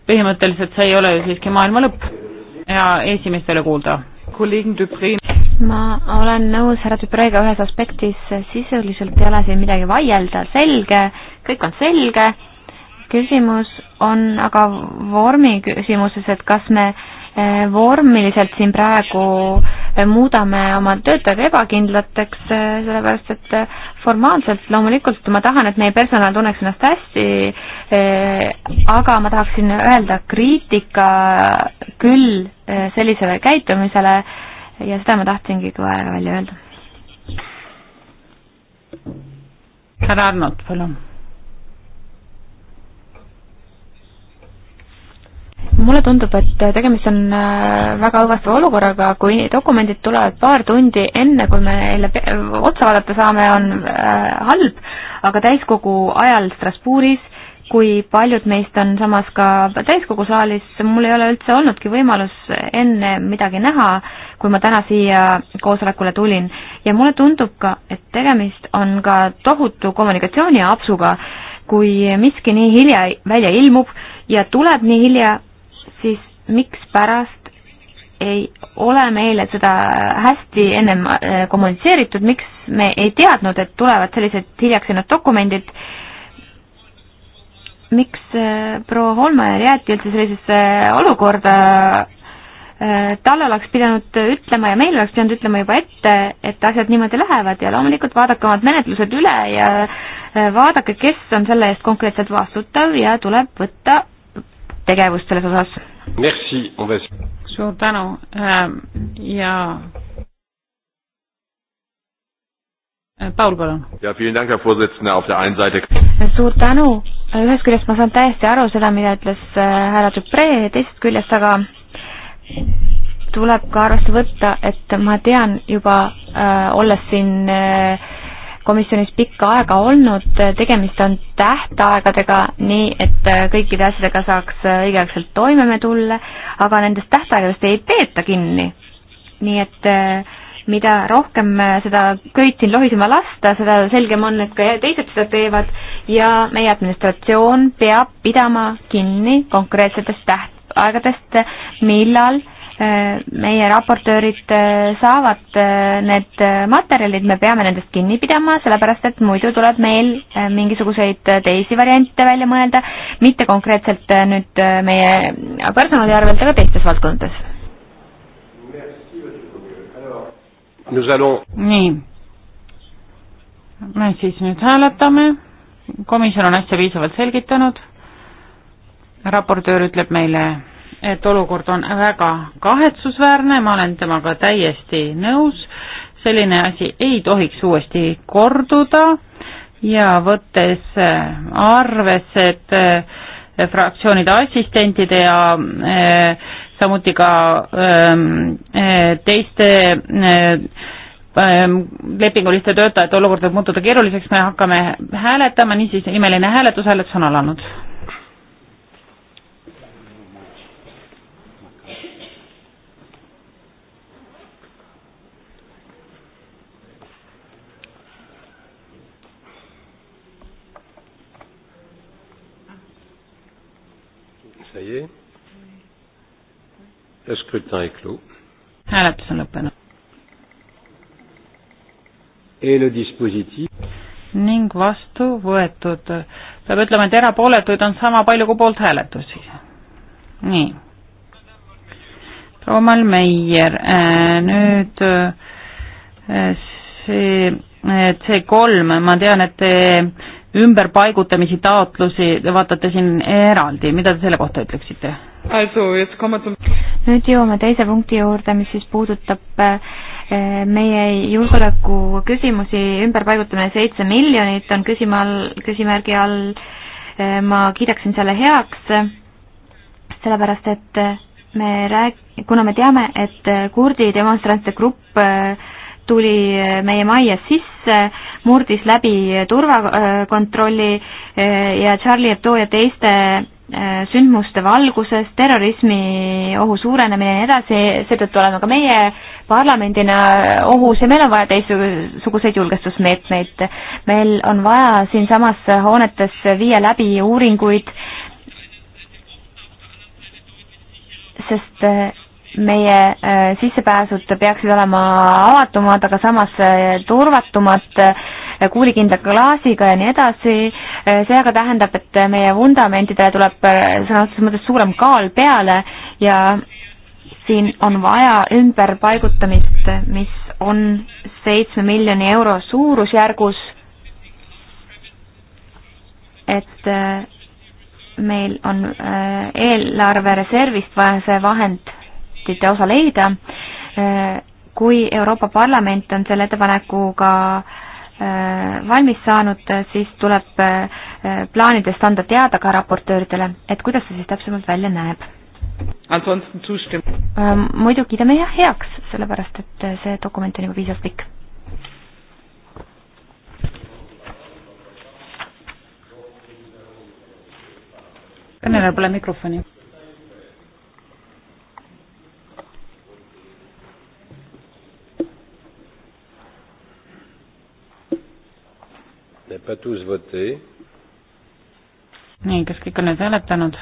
põhimõtteliselt see ei ole ju siiski maailma lõpp ja esimest ei ole kuulda. kolleeg Dupree ma olen nõus härra Tüprega ühes aspektis, sisuliselt ei ole siin midagi vaielda, selge, kõik on selge, küsimus on aga vormi küsimuses, et kas me eh, vormiliselt siin praegu eh, muudame oma töötajad ebakindlateks, eh, sellepärast et formaalselt loomulikult ma tahan, et meie personal tunneks ennast hästi, aga ma tahaksin öelda kriitika küll sellisele käitumisele, ja seda ma tahtsingi kohe välja öelda. härra Arnold, palun. mulle tundub, et tegemist on äh, väga õõvastava olukorraga, kui dokumendid tulevad paar tundi enne, kui me neile otsa vaadata saame, on äh, halb, aga täiskogu ajal Strasbourgis kui paljud meist on samas ka täiskogu saalis, mul ei ole üldse olnudki võimalus enne midagi näha, kui ma täna siia koosolekule tulin. ja mulle tundub ka, et tegemist on ka tohutu kommunikatsiooniapsuga, kui miski nii hilja välja ilmub ja tuleb nii hilja, siis mikspärast ei ole meile seda hästi ennem äh, kommunitseeritud, miks me ei teadnud, et tulevad sellised hiljaks jäänud dokumendid, miks äh, proua Holmajärv jäeti üldse sellisesse olukorda, äh, talle oleks pidanud ütlema ja meile oleks pidanud ütlema juba ette, et asjad niimoodi lähevad ja loomulikult vaadake omad menetlused üle ja äh, vaadake, kes on selle eest konkreetselt vastutav ja tuleb võtta tegevust selles osas. suur tänu ähm, ja Äh, Paul, palun. suur tänu, ühest küljest ma saan täiesti aru seda, mida ütles äh, härra Dupre, teisest küljest aga tuleb ka arvesse võtta, et ma tean juba äh,, olles siin äh, komisjonis pikka aega olnud, äh, tegemist on tähtaegadega, nii et kõikide asjadega saaks õigeaegselt toimeme tulla, aga nendest tähtaegadest ei peeta kinni. nii et äh, mida rohkem seda köit siin lohisema lasta, seda selgem on, et ka teised seda teevad ja meie administratsioon peab pidama kinni konkreetsetest tähtaegadest, millal eh, meie raportöörid eh, saavad eh, need materjalid, me peame nendest kinni pidama, sellepärast et muidu tuleb meil mingisuguseid teisi variante välja mõelda, mitte konkreetselt nüüd meie personali arvelt, aga teistes valdkondades nii. me siis nüüd hääletame, komisjon on asja piisavalt selgitanud, raportöör ütleb meile, et olukord on väga kahetsusväärne, ma olen temaga täiesti nõus, selline asi ei tohiks uuesti korduda ja võttes arvesse, et eh, fraktsioonide assistentide ja äh, samuti ka ähm, äh, teiste äh, ähm, lepinguliste töötajate olukord võib muutuda keeruliseks, me hakkame hääletama, niisiis imeline hääletus, hääletus on alanud. Ça y est hääletus on lõppenud. ning vastu võetud, peab ütlema, et erapooletuid on sama palju kui poolthääletusi. nii. proua Malmeier äh,, nüüd äh, see äh, C kolm, ma tean, et te ümberpaigutamisi taotlusi vaatate siin eraldi, mida te selle kohta ütleksite? nüüd jõuame teise punkti juurde, mis siis puudutab eh, meie julgeoleku küsimusi, ümberpaigutamine seitse miljonit on küsima all, küsimärgi all, eh, ma kiidaksin selle heaks, sellepärast et me rääg-, kuna me teame, et kurdi demonstrantide grupp eh, tuli meie majja sisse, sisse, äh, murdis läbi äh, turvakontrolli äh, ja Charlie Hebdo ja teiste sündmuste valguses, terrorismi ohu suurenemine ja nii edasi, seetõttu oleme ka meie parlamendina ohus ja meil on vaja teistsuguseid julgestusmeetmeid. meil on vaja siinsamas hoonetes viia läbi uuringuid, sest meie äh, sissepääsud peaksid olema avatumad, aga samas äh, turvatumad, äh, kuulikindla klaasiga ja nii edasi, see aga tähendab, et meie vundamentidele tuleb sõna otseses mõttes suurem kaal peale ja siin on vaja ümberpaigutamist, mis on seitsme miljoni euro suurusjärgus, et meil on eelarvereservist vaja see vahend mandaatide osa leida. kui Euroopa Parlament on selle ettepanekuga äh, valmis saanud, siis tuleb äh, plaanidest anda teada ka raportööridele, et kuidas see siis täpsemalt välja näeb. Äh, muidu kiidame jah heaks, sellepärast et see dokument on juba piisavalt pikk. kõnele pole mikrofoni nii, kas kõik on nüüd hääletanud?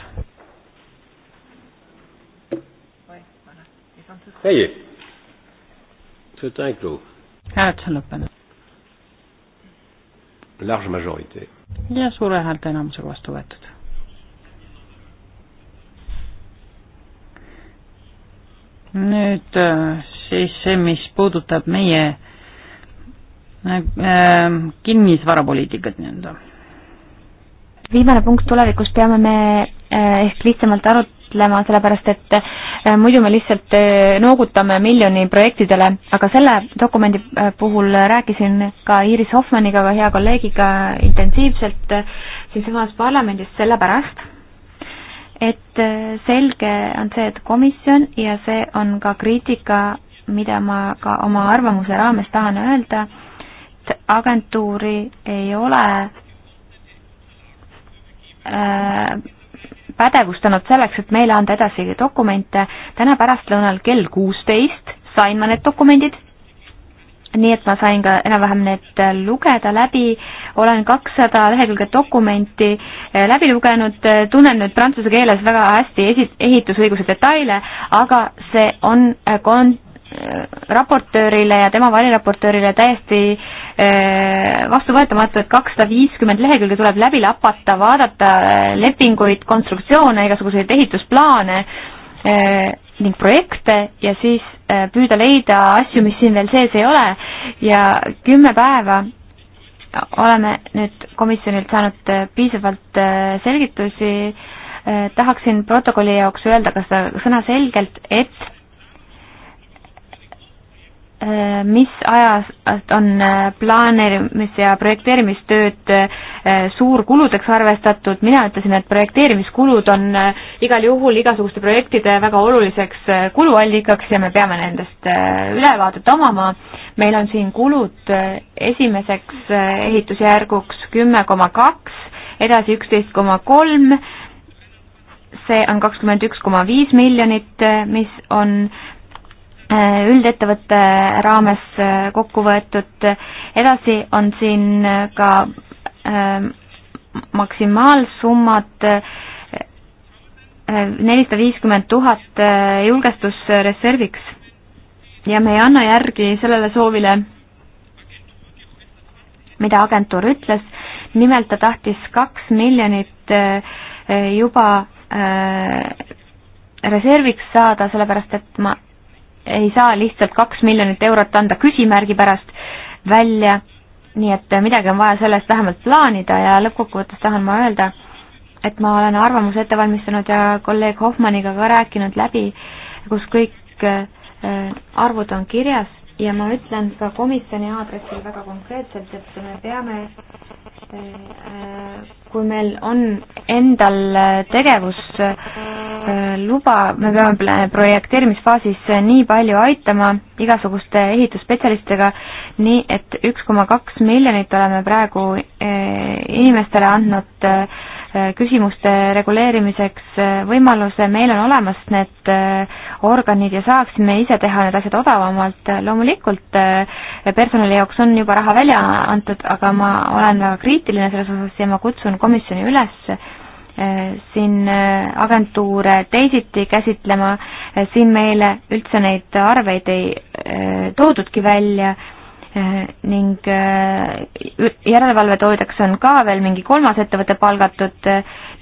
ei, hääletus on lõppenud. ja suure häälteenamusega vastu võetud nüüd äh, siis see, mis puudutab meie Äh, kinnisvarapoliitikat nii-öelda. viimane punkt tulevikus peame me äh, ehk lihtsamalt arutlema, sellepärast et äh, muidu me lihtsalt noogutame miljoni projektidele, aga selle dokumendi puhul rääkisin ka Iiris Hoffmanniga, hea kolleegiga intensiivselt siinsamas parlamendis sellepärast, et selge on see, et komisjon ja see on ka kriitika, mida ma ka oma arvamuse raames tahan öelda, agentuuri ei ole äh, pädevustanud selleks, et meile anda edasi dokumente. täna pärastlõunal kell kuusteist sain ma need dokumendid, nii et ma sain ka enam-vähem need lugeda läbi, olen kakssada lehekülge dokumenti äh, läbi lugenud, äh, tunnen nüüd prantsuse keeles väga hästi esi-, ehitusõiguse detaile, aga see on kon-, raportöörile ja tema variraportöörile täiesti Äh, vastuvõetamatu, et kakssada viiskümmend lehekülge tuleb läbi lapata, vaadata äh, lepinguid, konstruktsioone, igasuguseid ehitusplaane äh, ning projekte ja siis püüda leida asju, mis siin veel sees ei ole ja kümme päeva oleme nüüd komisjonilt saanud piisavalt selgitusi, tahaksin protokolli jaoks öelda ka seda sõna selgelt, et Äh, mis ajast äh, on äh, planeerimis- ja projekteerimistööd suurkuludeks arvestatud, mina ütlesin, et projekteerimiskulud on igal juhul igasuguste projektide väga oluliseks kuluallikaks ja me peame nendest ülevaadet omama. meil on siin kulud esimeseks ehitusjärguks kümme koma kaks, edasi üksteist koma kolm, see on kakskümmend üks koma viis miljonit, mis on Äh, üldettevõtte raames äh, kokku võetud. edasi on siin äh, ka ähm, maksimaalsummad nelisada viiskümmend tuhat julgestusreserviks ja me ei anna järgi sellele soovile, mida agentuur ütles, nimelt ta tahtis kaks miljonit juba reserviks saada, sellepärast et ma ei saa lihtsalt kaks miljonit eurot anda küsimärgi pärast välja, nii et midagi on vaja sellest vähemalt plaanida ja lõppkokkuvõttes tahan ma öelda, et ma olen arvamuse ette valmistanud ja kolleeg Hoffmanniga ka rääkinud läbi, kus kõik äh, arvud on kirjas ja ma ütlen ka komisjoni aadressil väga konkreetselt, et me peame kui meil on endal tegevusluba, äh, me peame projekteerimisfaasis nii palju aitama igasuguste ehitusspetsialistidega, nii et üks koma kaks miljonit oleme praegu äh, inimestele andnud äh, Äh, küsimuste reguleerimiseks äh, võimaluse, meil on olemas need äh, organid ja saaksime ise teha need asjad odavamalt, loomulikult personali jaoks on juba raha välja antud, aga ma olen väga kriitiline selles osas ja ma kutsun komisjoni üles siin agentuure teisiti käsitlema, siin meile üldse neid arveid ei toodudki välja ning äh, järelevalvetoodjaks on ka veel mingi kolmas ettevõte palgatud,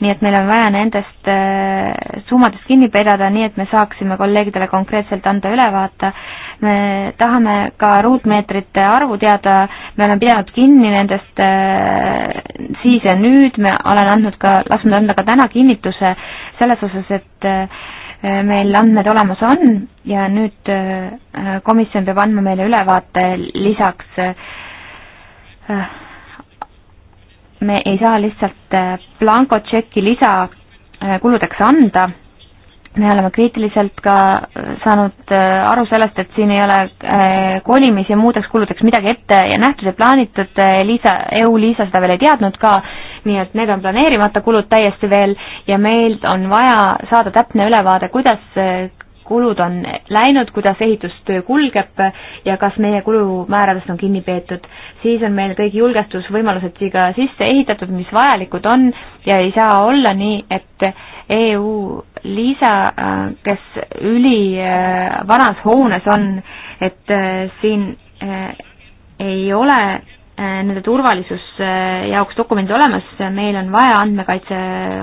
nii et meil on vaja nendest äh, summadest kinni pidada, nii et me saaksime kolleegidele konkreetselt anda ülevaate. me tahame ka ruutmeetrite arvu teada, me oleme pidanud kinni nendest äh, siis ja nüüd, me olen andnud ka, lasknud anda ka täna kinnituse selles osas, et Äh, meil andmed olemas on ja nüüd äh, komisjon peab andma meile ülevaate lisaks äh, me ei saa lihtsalt blankotšeki lisa kuludeks anda, me oleme kriitiliselt ka saanud aru sellest, et siin ei ole kolimis ja muudeks kuludeks midagi ette ja nähtud ja plaanitud, Liisa, EU-Liisa seda veel ei teadnud ka nii et need on planeerimata kulud täiesti veel ja meil on vaja saada täpne ülevaade, kuidas kulud on läinud, kuidas ehitustöö kulgeb ja kas meie kulumääradest on kinni peetud. siis on meil kõik julgestusvõimalused siia sisse ehitatud, mis vajalikud on ja ei saa olla nii, et EU lisa, kes ülivanas äh, hoones on, et äh, siin äh, ei ole Äh, nende turvalisuse äh, jaoks dokumendid olemas, meil on vaja andmekaitse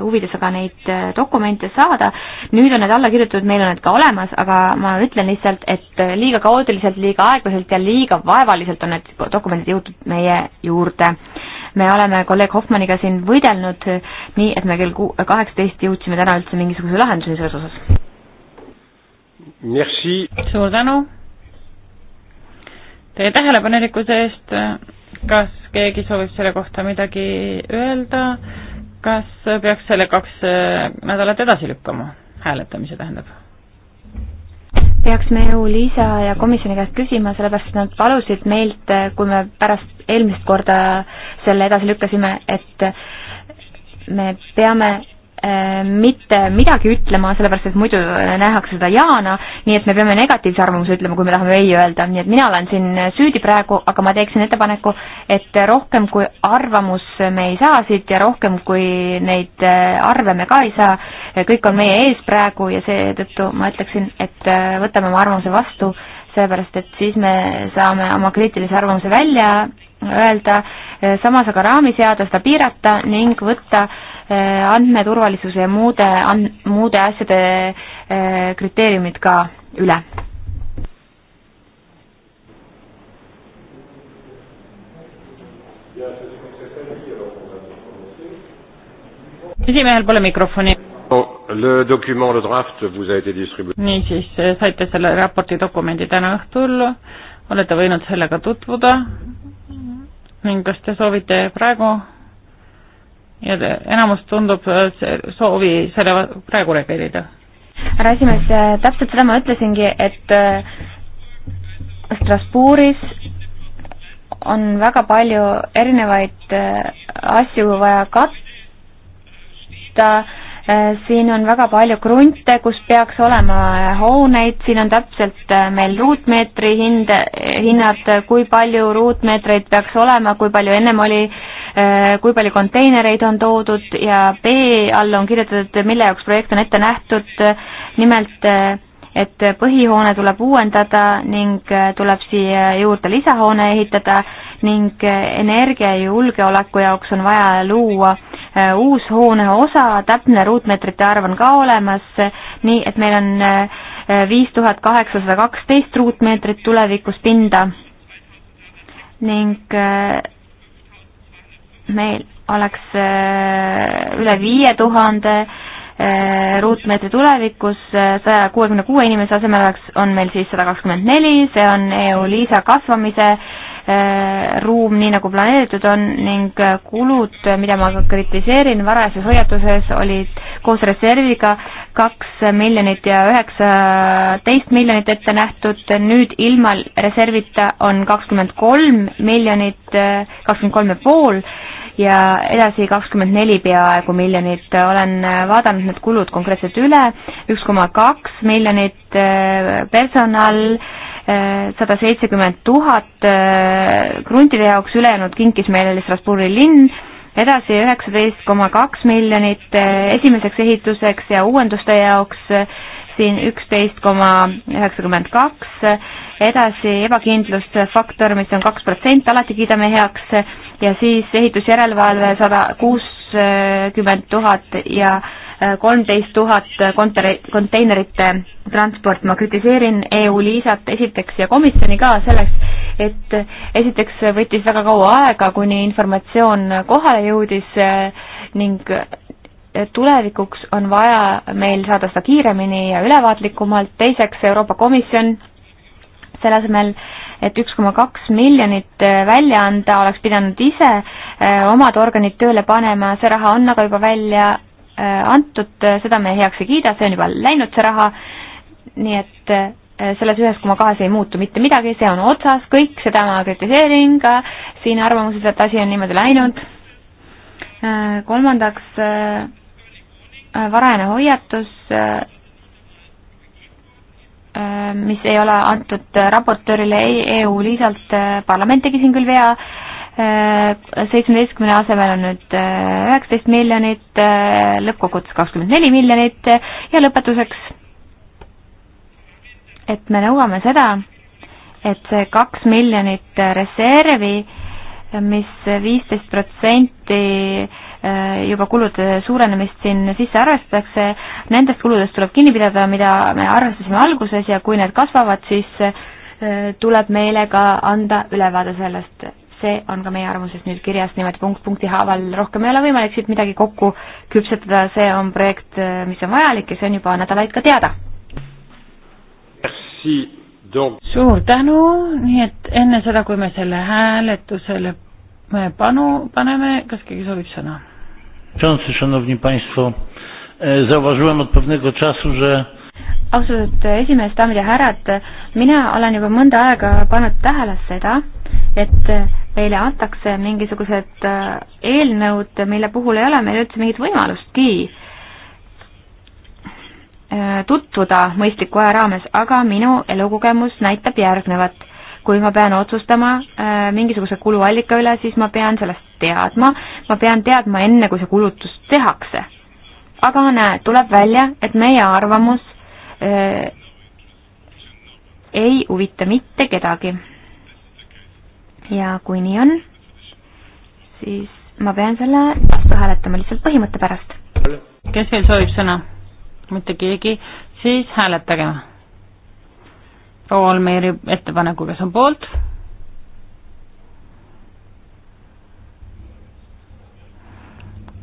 huvides aga neid äh, dokumente saada, nüüd on need alla kirjutatud, meil on need ka olemas, aga ma ütlen lihtsalt, et liiga kaootiliselt, liiga aeglaselt ja liiga vaevaliselt on need dokumendid jõudnud meie juurde. me oleme kolleeg Hoffmanniga siin võidelnud nii, et me kell kaheksateist jõudsime täna üldse mingisuguse lahenduseni selles osas. suur tänu teie tähelepanelikkuse eest kas keegi soovib selle kohta midagi öelda, kas peaks selle kaks äh, nädalat edasi lükkama, hääletamise tähendab? peaks me ju Liisa ja komisjoni käest küsima, sellepärast nad palusid meilt, äh, kui me pärast eelmist korda selle edasi lükkasime, et me peame Äh, mitte midagi ütlema, sellepärast et muidu äh, nähakse seda jaana, nii et me peame negatiivse arvamuse ütlema, kui me tahame ei öelda, nii et mina olen siin süüdi praegu, aga ma teeksin ettepaneku, et rohkem kui arvamus me ei saa siit ja rohkem kui neid äh, arve me ka ei saa, kõik on meie ees praegu ja seetõttu ma ütleksin, et võtame oma arvamuse vastu, sellepärast et siis me saame oma kriitilise arvamuse välja öelda, samas aga raami seada, seda piirata ning võtta äh, Äh, andmeturvalisuse ja muude and,, muude asjade äh, kriteeriumid ka üle. esimehel pole mikrofoni. Oh, le document, le draft vous a été distribué. niisiis, äh, saite selle raporti dokumendi täna õhtul, olete võinud sellega tutvuda ning kas te soovite praegu ja enamus tundub äh, soovi selle praegu reageerida. härra esimees, äh, täpselt seda ma ütlesingi, et äh, Strasbourgis on väga palju erinevaid asju vaja katta, siin on väga palju krunte, kus peaks olema hooneid, siin on täpselt meil ruutmeetri hind, hinnad, kui palju ruutmeetreid peaks olema, kui palju ennem oli äh, Äh, kui palju konteinereid on toodud ja B all on kirjutatud, mille jaoks projekt on ette nähtud, nimelt äh, et põhihoone tuleb uuendada ning äh, tuleb siia juurde lisahoone ehitada ning energiajulgeoleku jaoks on vaja luua uus hoone osa, täpne ruutmeetrite arv on ka olemas, nii et meil on viis tuhat kaheksasada kaksteist ruutmeetrit tulevikus pinda ning meil oleks äh, üle viie tuhande äh, ruutmeetri tulevikus, äh, saja kuuekümne kuue inimese asemel oleks, on meil siis sada kakskümmend neli, see on EU-LISA kasvamise ruum, nii nagu planeeritud on, ning kulud, mida ma kritiseerin varajases hoiatuses, olid koos reserviga kaks miljonit ja üheksateist miljonit ette nähtud, nüüd ilma reservita on kakskümmend kolm miljonit, kakskümmend kolm ja pool ja edasi kakskümmend neli peaaegu miljonit, olen vaadanud need kulud konkreetselt üle, üks koma kaks miljonit eh, personal, eh, sada seitsekümmend tuhat eh, kruntide jaoks, ülejäänud kinkis meile Strasbourgi linn edasi üheksateist koma kaks miljonit eh, esimeseks ehituseks ja uuenduste jaoks siin üksteist koma üheksakümmend kaks, edasi ebakindlusfaktor, mis on kaks protsenti, alati kiidame heaks, ja siis ehitusjärelevalve sada kuus kakskümmend tuhat ja äh, kolmteist tuhat kontere-, konteinerite transport, ma kritiseerin EU-Liisat esiteks ja komisjoni ka selleks, et esiteks võttis väga kaua aega, kuni informatsioon kohale jõudis äh, ning äh, tulevikuks on vaja meil saada seda kiiremini ja ülevaatlikumalt, teiseks Euroopa Komisjon selle asemel äh, et üks koma kaks miljonit äh, välja anda, oleks pidanud ise äh, omad organid tööle panema, see raha on aga juba välja äh, antud, seda me heaks ei kiida, see on juba läinud, see raha, nii et selles ühes koma kahes ei muutu mitte midagi, see on otsas kõik, seda ma kritiseerin ka siin arvamuses, et asi on niimoodi läinud. kolmandaks, varajane hoiatus Äh, mis ei ole antud raportöörile EU e lisalt, äh, parlament tegi siin küll vea, äh, seitsmeteistkümne asemel on nüüd üheksateist miljonit, lõppkokkuvõttes kakskümmend neli miljonit ja lõpetuseks, et me nõuame seda, et see kaks miljonit reservi, mis viisteist protsenti Äh, juba kulude suurenemist siin sisse arvestatakse, nendest kuludest tuleb kinni pidada, mida me arvestasime alguses ja kui need kasvavad, siis äh, tuleb meile ka anda ülevaade sellest. see on ka meie arvamuses nüüd kirjas niimoodi punkt punkti haaval, rohkem ei ole võimalik siit midagi kokku küpsetada, see on projekt, äh, mis on vajalik ja see on juba nädalaid ka teada. suur tänu, nii et enne seda, kui me selle hääletusele me panu, paneme, kas keegi soovib sõna? Przewodniczący, Szanowni Państwo, e, zauważyłem od pewnego czasu, że austatud esimees, daamid ja härrad, mina olen juba mõnda aega pannud tähele seda, et meile antakse mingisugused äh, eelnõud, mille puhul ei ole meil üldse mingit võimalustki äh, tutvuda mõistliku aja raames, aga minu elukogemus näitab järgnevat kui ma pean otsustama äh, mingisuguse kuluallika üle, siis ma pean sellest teadma, ma pean teadma enne, kui see kulutus tehakse. aga näe, tuleb välja, et meie arvamus äh, ei huvita mitte kedagi. ja kui nii on, siis ma pean selle vastu hääletama lihtsalt põhimõtte pärast. kes veel soovib sõna? mitte keegi, siis hääletage proua Olmeeri ettepaneku, kes on poolt?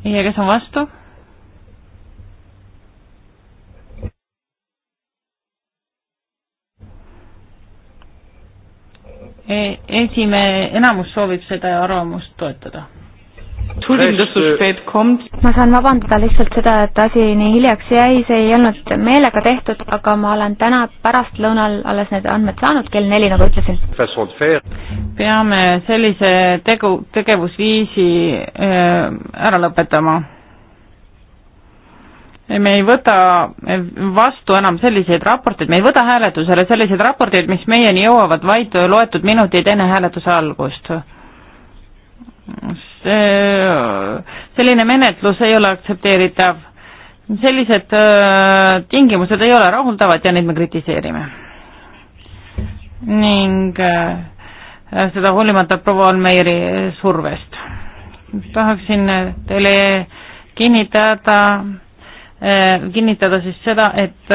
ja kes on vastu? E-, esime-, enamus soovib seda arvamust toetada Äh, ma saan vabandada lihtsalt seda, et asi nii hiljaks jäi, see ei olnud meelega tehtud, aga ma olen täna pärastlõunal alles need andmed saanud, kell neli, nagu ütlesin. peame sellise tegu, tegevusviisi äh, ära lõpetama me ei võta äh, vastu enam selliseid raporteid, me ei võta hääletusele selliseid raporteid, mis meieni jõuavad vaid loetud minutid enne hääletuse algust. Äh, selline menetlus ei ole aktsepteeritav. sellised äh, tingimused ei ole rahuldavad ja neid me kritiseerime. ning äh, seda hoolimata proua Almeiri survest. tahaksin teile kinnitada, kinnitada siis seda, et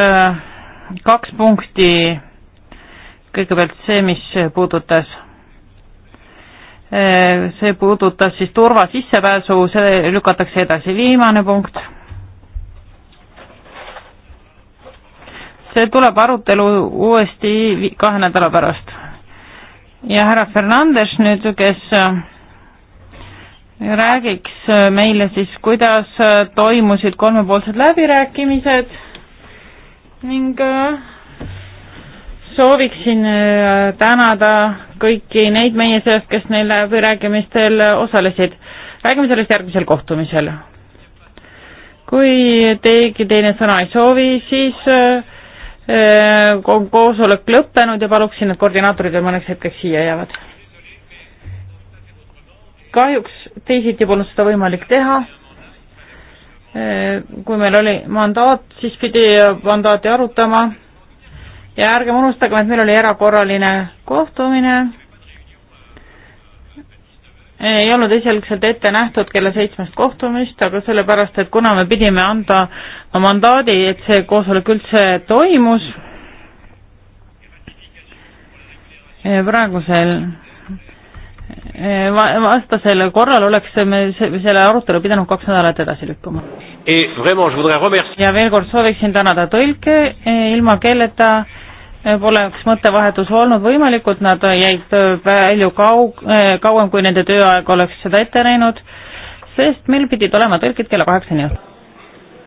kaks punkti, kõigepealt see, mis puudutas Äh, see puudutas siis turva sissepääsu, see lükatakse edasi, viimane punkt. see tuleb arutelu uuesti kahe nädala pärast. ja härra Fernandes nüüd, kes äh, räägiks äh, meile siis, kuidas toimusid kolmepoolsed läbirääkimised ning äh, sooviksin äh, tänada kõiki neid meie seast, kes neil läbirääkimistel osalesid. räägime sellest järgmisel kohtumisel. kui keegi teine sõna ei soovi, siis äh, äh, on koosolek lõppenud ja paluksin, et koordinaatorid veel mõneks hetkeks siia jäävad. kahjuks teisiti polnud seda võimalik teha kui meil oli mandaat, siis pidi mandaati arutama ja ärgem unustagem, et meil oli erakorraline kohtumine, ei olnud esialgselt ette nähtud kella seitsmest kohtumist, aga sellepärast, et kuna me pidime anda mandaadi, et see koosolek üldse toimus, e, praegusel e, vastasel korral oleks me selle arutelu pidanud kaks nädalat edasi lükkuma. ja veel kord sooviksin tänada tõlke, e, ilma kelleta poleks mõttevahetus olnud võimalikult, nad jäid palju kaug-, eh, kauem, kui nende tööaeg oleks seda ette näinud, sest meil pidid olema tõlgid kella kaheksani õhtul.